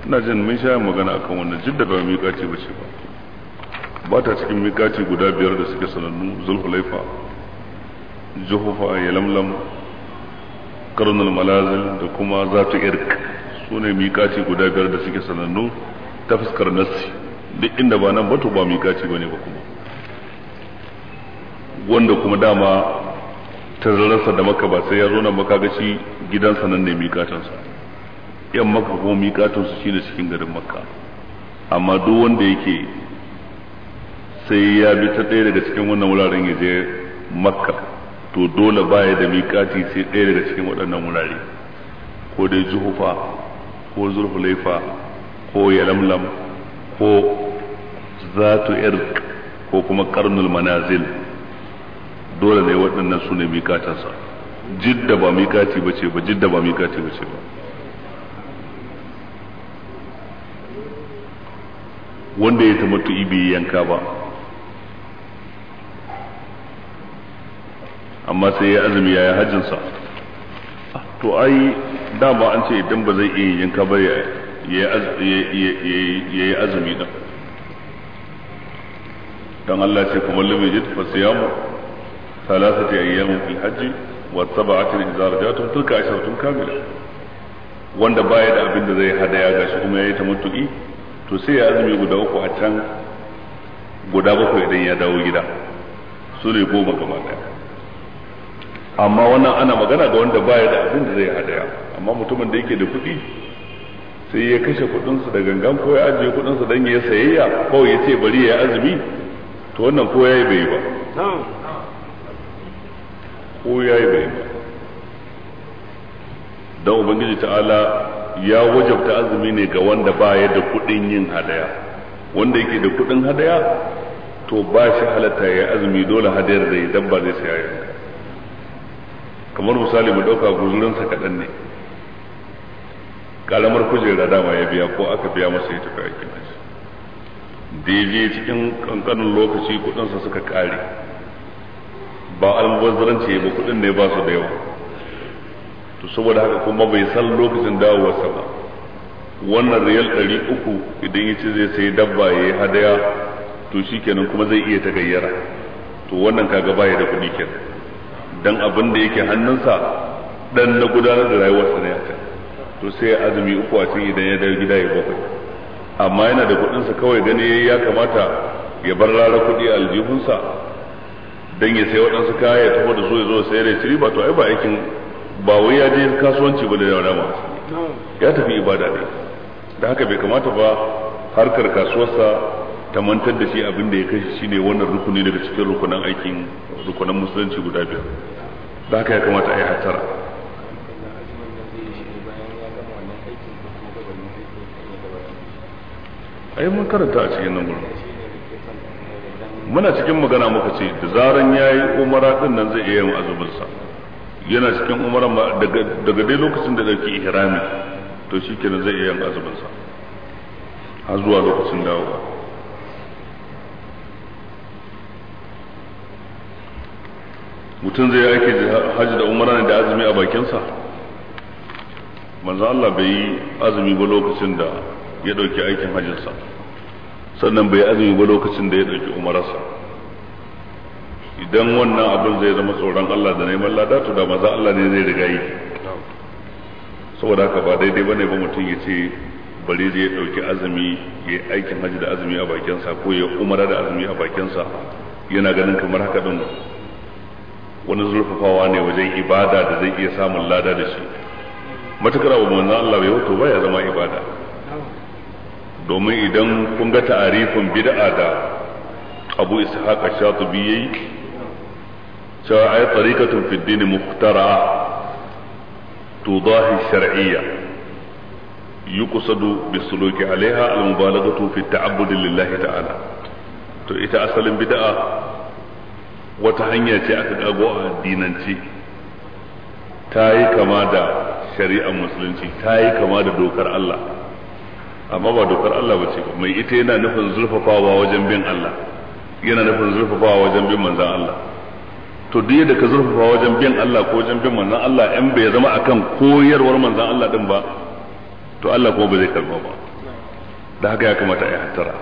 ina jin mun sha magana akan wannan jidda ba miƙaci ba ce ba ba ta cikin miƙaci guda biyar da suke sanannu zulhulaifa juhufa ya lamlam karnul malazil da kuma zatu irk su ne miƙaci guda biyar da suke sanannu ta fuskar nassi duk inda ba nan ba to ba miƙaci ba ne ba kuma wanda kuma dama tazararsa da maka ba sai ya zo nan maka kaga gidansa nan ne sa. yan maka ko miƙatun su shine cikin garin makka amma duk wanda yake sai ya bi ta ɗaya daga cikin wannan wuraren ya je makka to dole baya da miƙati sai ɗaya daga cikin waɗannan wurare ko dai zuhufa ko zulhulaifa ko yalamlam ko zatu irq ko kuma karnul manazil dole ne waɗannan su ne miƙatansa jidda ba miƙati ba ce ba jidda ba miƙati ba ce ba wanda ya tamattu'i bai yanka ba amma sai ya azumi ya yi hajjinsa to ai dama an ce idan ba zai iya yanka ba ya yi azumi ɗin don Allah ce kuma lumin jid talata ta yi yamu fil hajji wa sab'atin tun rajatum tilka asharatun kamila wanda baya da abin da zai ya gashi kuma ya yi ta tamattu'i to sai ya azumi guda uku a can guda bakwai idan ya dawo gida su ne goma gama daya amma wannan ana magana ga wanda baya da abin da zai hadaya amma mutumin da yake da kuɗi sai ya kashe kuɗinsa da gangan ko ya ajiye kuɗinsa don ya sayayya ko ya ce bari ya azumi to wannan ko ya yi bai ba ko ya yi bai ba don ubangiji ta'ala ya wajabta azumi ne ga wanda baya da kuɗin yin hadaya wanda yake da kuɗin hadaya to ba shi halatta ya azumi dole hadayar da ya dabba zai saya yanka kamar misali mu ɗauka guzurinsa kadan ne kalamar kujera dama ya biya ko aka biya masa ya tafi aikin haji da cikin kankanin lokaci kuɗinsa suka kare ba almubazzaranci ba kuɗin ne ba su da yawa to saboda haka kuma bai san lokacin dawowarsa ba wannan riyal ɗari uku idan ya ce zai sai dabba ya yi hadaya to shi kenan kuma zai iya ta gayyara to wannan kaga baya da kuɗi kenan dan abin da yake hannunsa dan na gudanar da rayuwarsa ne aka to sai ya azumi uku a cikin idan ya dawo gida ya bakwai amma yana da kuɗinsa kawai gani ya kamata ya bar rara kuɗi a aljihunsa dan ya sai waɗansu kaya ya tafi da su ya zo sai ya ba to ai ba aikin ba wai ya je kasuwanci ba da yawa ya tafi ibada ne da haka bai kamata ba harkar kasuwarsa ta mantar da shi abin da ya kashi shine wannan rukuni daga cikin rukunan aikin rukunan musulunci guda biyar da haka ya kamata a yi hatara yi mun karanta a cikin nan gudun muna cikin magana muka ce da zaran yi umara din nan zai iya yin azubinsa yana cikin umara daga dai lokacin da dauki ihrami to kenan zai iya yin azumin sa har zuwa lokacin dawowa mutum zai aiki hajji da umara ne da azumi a bakinsa manzo Allah bai yi azumi ba lokacin da ya dauki aikin hajjinsa sannan bai yi azumi ba lokacin da ya dauki umararsa idan wannan abin zai zama tsoron Allah da neman lada to da maza Allah ne zai riga yi saboda haka ba daidai bane ba mutum ya ce bari zai dauki azumi ya aikin haji da azumi a bakinsa ko ya umara da azumi a bakinsa yana ganin kamar haka din wani zurfafawa ne wajen ibada da zai iya samun lada da shi matukar abu manzon Allah bai wato ba ya zama ibada domin idan kun ga ta'arifin bid'a da Abu Ishaq Shatibi yayi cewa ai tariqatun fi din muhtara tudahi shar'iyya yuqsadu bi suluki alaiha al mubalaghatu fi ta'abbud lillahi ta'ala to ita asalin bid'a wata hanya ce aka dago a addinance ta yi kama da shari'ar musulunci ta yi kama da dokar Allah amma ba dokar Allah ba ce mai ita yana nufin zurfafawa wajen bin Allah yana nufin zurfafawa wajen bin manzan Allah to duk yadda ka zurfafa wajen bin Allah ko wajen bin manzon Allah in bai zama akan koyarwar manzon Allah din ba to Allah kuma ba zai karba ba da haka ya kamata a hattara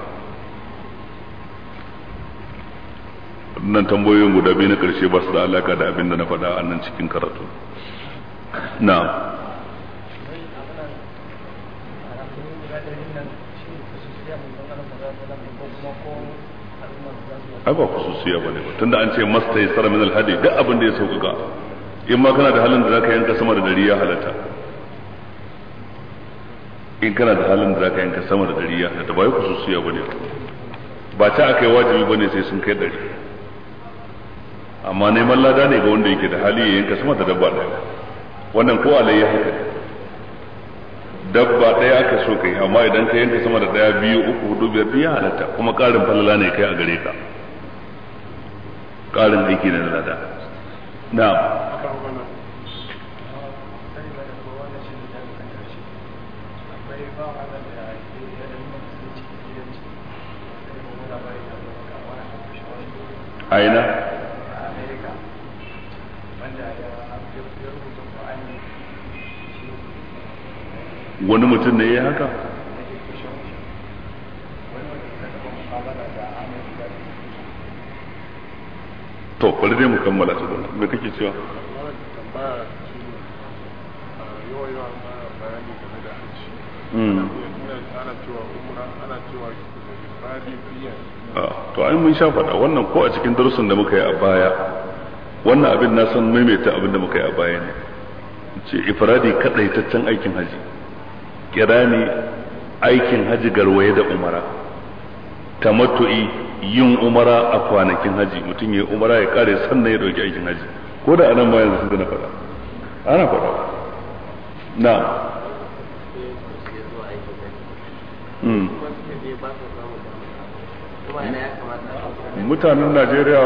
nan tambayoyin guda biyu na karshe ba su da alaka da abin da na faɗa a nan cikin karatu na'am ai ba kususiya bane ba tunda an ce masta yasara min alhadi duk abin da ya sauƙaƙa in ma kana da halin da zaka yanka sama da dariya halatta in kana da halin da zaka yanka sama da dariya halatta ba ya kususiya bane ba ta akai wajibi bane sai sun kai dari amma neman lada ne ga wanda yake da hali ya yanka sama da dabba ɗaya wannan ko alayya haka dabba ɗaya aka so kai amma idan ka yanka sama da ɗaya biyu uku hudu biyar ya halatta kuma ƙarin falala ne kai a gare ka ƙarin aiki na lada na'am aina wani mutum ne ya haka to bari dai mu kammala su dole me kake cewa hmm. ah, to ai mun sha faɗa wannan ko a cikin darussan da muka yi a baya wannan abin na san maimaita abin da muka yi a baya ne ce ifradi kadaitaccen aikin haji kirani aikin haji garwaye da umara tamattu'i yin umara a kwanakin haji mutum ya umara ya kare sannan ya dauki aikin haji ko da anan bayan sun na faɗa ana fada na hmm. mutanen najeriya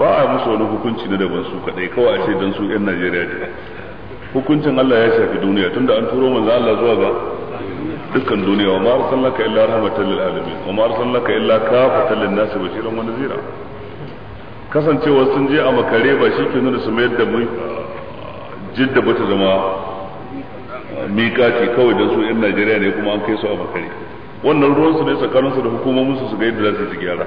ba a musu wani hukunci na daban su kadai kawai a ce don su 'yan najeriya ne hukuncin allah ya shafi duniya tunda an turo manzo allah zuwa ga dukkan duniya wa ma laka illa rahmatan lil alamin wa ma laka illa kafatan lin nasi bashiran wa nadhira kasancewa sun je a makare ba shi ke nuna su mayar da mu jidda bata zama ah, miƙaci kawai da su yan Najeriya ne kuma an kai su a makare wannan ruwan su ne tsakanin su da hukumomin su su ga yadda za su gyara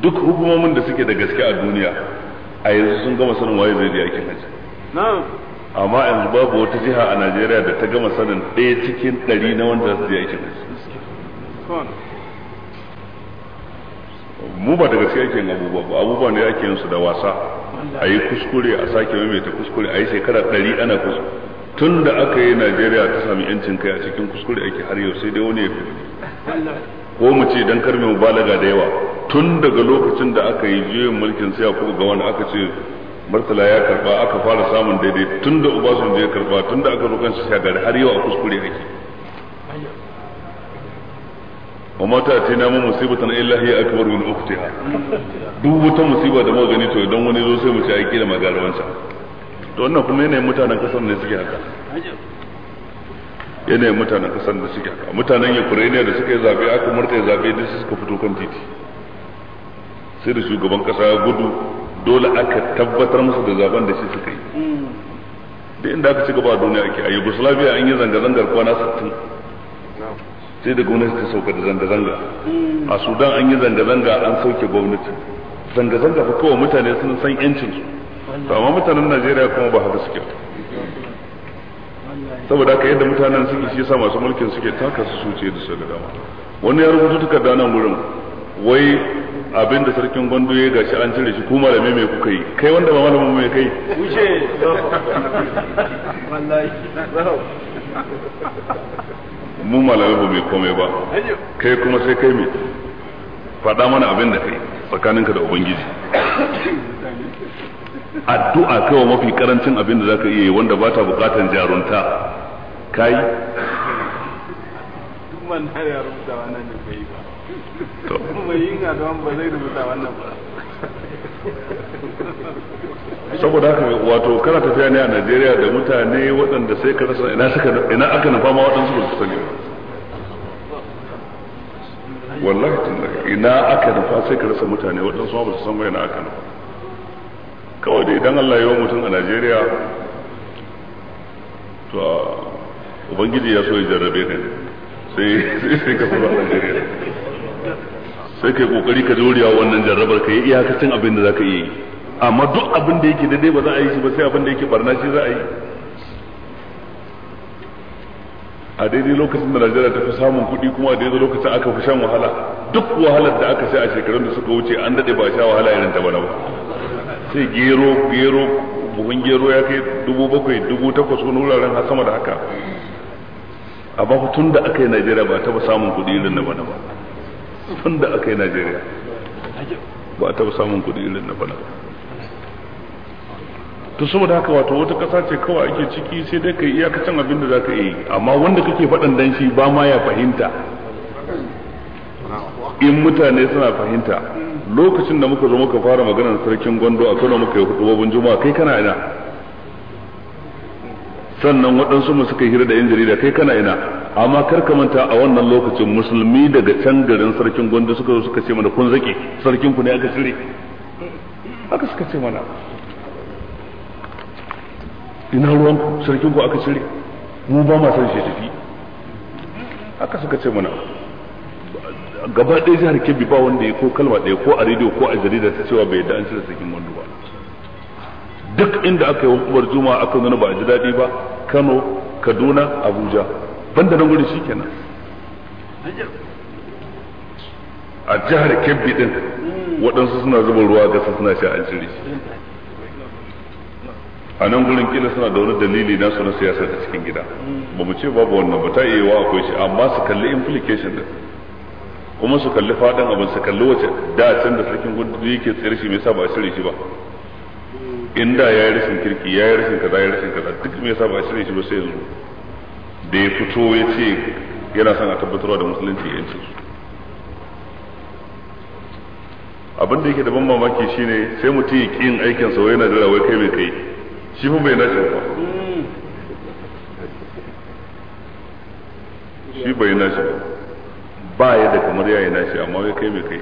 duk hukumomin da suke da gaske a duniya a yanzu sun gama sanin waye zai je aikin haji amma yanzu babu wata jiha a Najeriya da ta gama sanin ɗaya cikin ɗari na wanda su je aikin mu ba daga cikin aikin abubuwa ba abubuwa ne ake yin su da wasa a yi kuskure a sake maimaita kuskure a yi shekara ɗari ana kuskure tun da aka yi Najeriya ta sami yancin kai a cikin kuskure ake har yau sai dai wani ya fi ko mu ce dan mu mubalaga da yawa tun daga lokacin da aka yi juyin mulkin sai ku ga wani aka ce murtala ya karba aka fara samun daidai tun da ubasanjo ya karba tun da aka rukan gari har yau a kuskure ake وما na من مصيبة إلا هي أكبر من أختها duk wata musiba da muka gani to idan wani zo sai mu ci aiki da magarawansa to wannan kuma yanayin mutanen kasar ne suke haka yanayin mutanen kasar da suke haka mutanen Ukraine da suka yi zabe aka murta zabe duk suka fito kan titi sai da shugaban kasa ya gudu dole aka tabbatar musu da zaben da shi suka yi da inda aka ci gaba a duniya ake a yugoslavia an yi zanga-zangar kwana 60 sai da gwamnati ta sauka da zanga-zanga a sudan an yi zanga-zanga an sauke gwamnati zanga-zanga fa kowa mutane sun san yancinsu to amma mutanen najeriya kuma ba haka suke saboda haka yadda mutanen suke shi yasa masu mulkin suke taka su suce da su da dama wani ya rubuta takarda nan wurin wai abin da sarkin gwando ya gashi an cire shi ku malami mai kuka yi kai wanda ba malamin mai kai wuce wallahi mu malamai ba mai komai ba kai kuma sai kai mai faɗa mana abin da kai tsakaninka da ubangiji addu'a kawai mafi karancin abin da zaka iya yi wanda ba ta bukatan jarunta kai duk man har ya wannan da bai ba to mai ba zai rubuta wannan ba saboda haka wato kana tafiya ne a Najeriya da mutane waɗanda sai ka rasa ina suka ina aka nufa ma waɗansu ba su sani ba wallahi tun ina aka nufa sai ka rasa mutane waɗansu ba su san ba ina aka nufa kawai da idan Allah ya yi mutum a Najeriya to ubangiji ya so ya jarrabe ne sai sai ka fara Najeriya sai kai kokari ka jurewa wannan jarrabar ka yi iyakacin abin da zaka iya yi amma duk abin da yake daidai ba za a yi shi ba sai abin da yake barna shi za a yi a daidai lokacin da Najeriya ta fi samun kuɗi kuma a daidai lokacin aka fi shan wahala duk wahalar da aka sai a shekarun da suka wuce an daɗe ba a sha wahala irin ta bana ba sai gero gero buhun gero ya kai dubu bakwai dubu takwas wani wuraren har sama da haka a b'a tun da aka yi Najeriya ba ta ba samun kuɗi irin na bana ba tun da aka yi najeriya ba a taɓa samun kuɗi irin na bana to saboda haka wato wata ƙasa ce kawai ake ciki sai dai ka yi iyakacin abin da za ka yi amma wanda kake faɗan dan shi ba ma ya fahimta in mutane suna fahimta lokacin da muka zo muka fara maganar sarkin gwando a kano muka yi hudubobin juma'a kai kana ina sannan waɗansu mu suka hira da yan jarida kai kana ina amma kar ka manta a wannan lokacin musulmi daga can garin sarkin gondo suka zo suka ce mana kun zake sarkin ku ne aka cire aka suka ce mana ina ruwan ku sarkin ku aka cire mu ba ma san shi tafi aka suka ce mana gaba ɗaya jihar kebbi ba wanda ya ko kalma ɗaya ko a rediyo ko a jarida ta cewa bai yadda an cire sarkin gwanda ba duk inda aka yi hukumar juma'a aka nuna ba a ji daɗi ba kano kaduna abuja banda nan gurin kenan, a jihar kebbi din waɗansu suna zuba ruwa gasa suna sha an cire a nan gurin kila suna da wani dalili na su na siyasa ta cikin gida ba mu ce babu wannan ba ta iya wa akwai shi amma su kalli implication din kuma su kalli faɗin abin su kalli wace da can da sarkin gudu yake tsayar shi mai sa ba a shirin shi ba inda ya yi rashin kirki ya yi rashin kaza ya yi rashin kaza duk me yasa ba a shirin shi ba sai yanzu da ya fito ya ce yana son a tabbatarwa da musulunci yancin su abin da yake da ban mamaki shine sai mutum ya yin aikin sa yana da rawai kai mai kai shi fa bai nashi ba shi bai nashi ba ba ya da kamar yayi nashi amma wai kai mai kai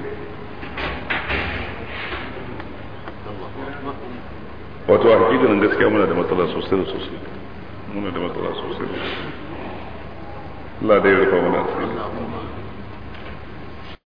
wato a hakikanin gaskiya muna da matsala sosai da sosai muna da matsala sosai da sosai Allah da ya rufa mana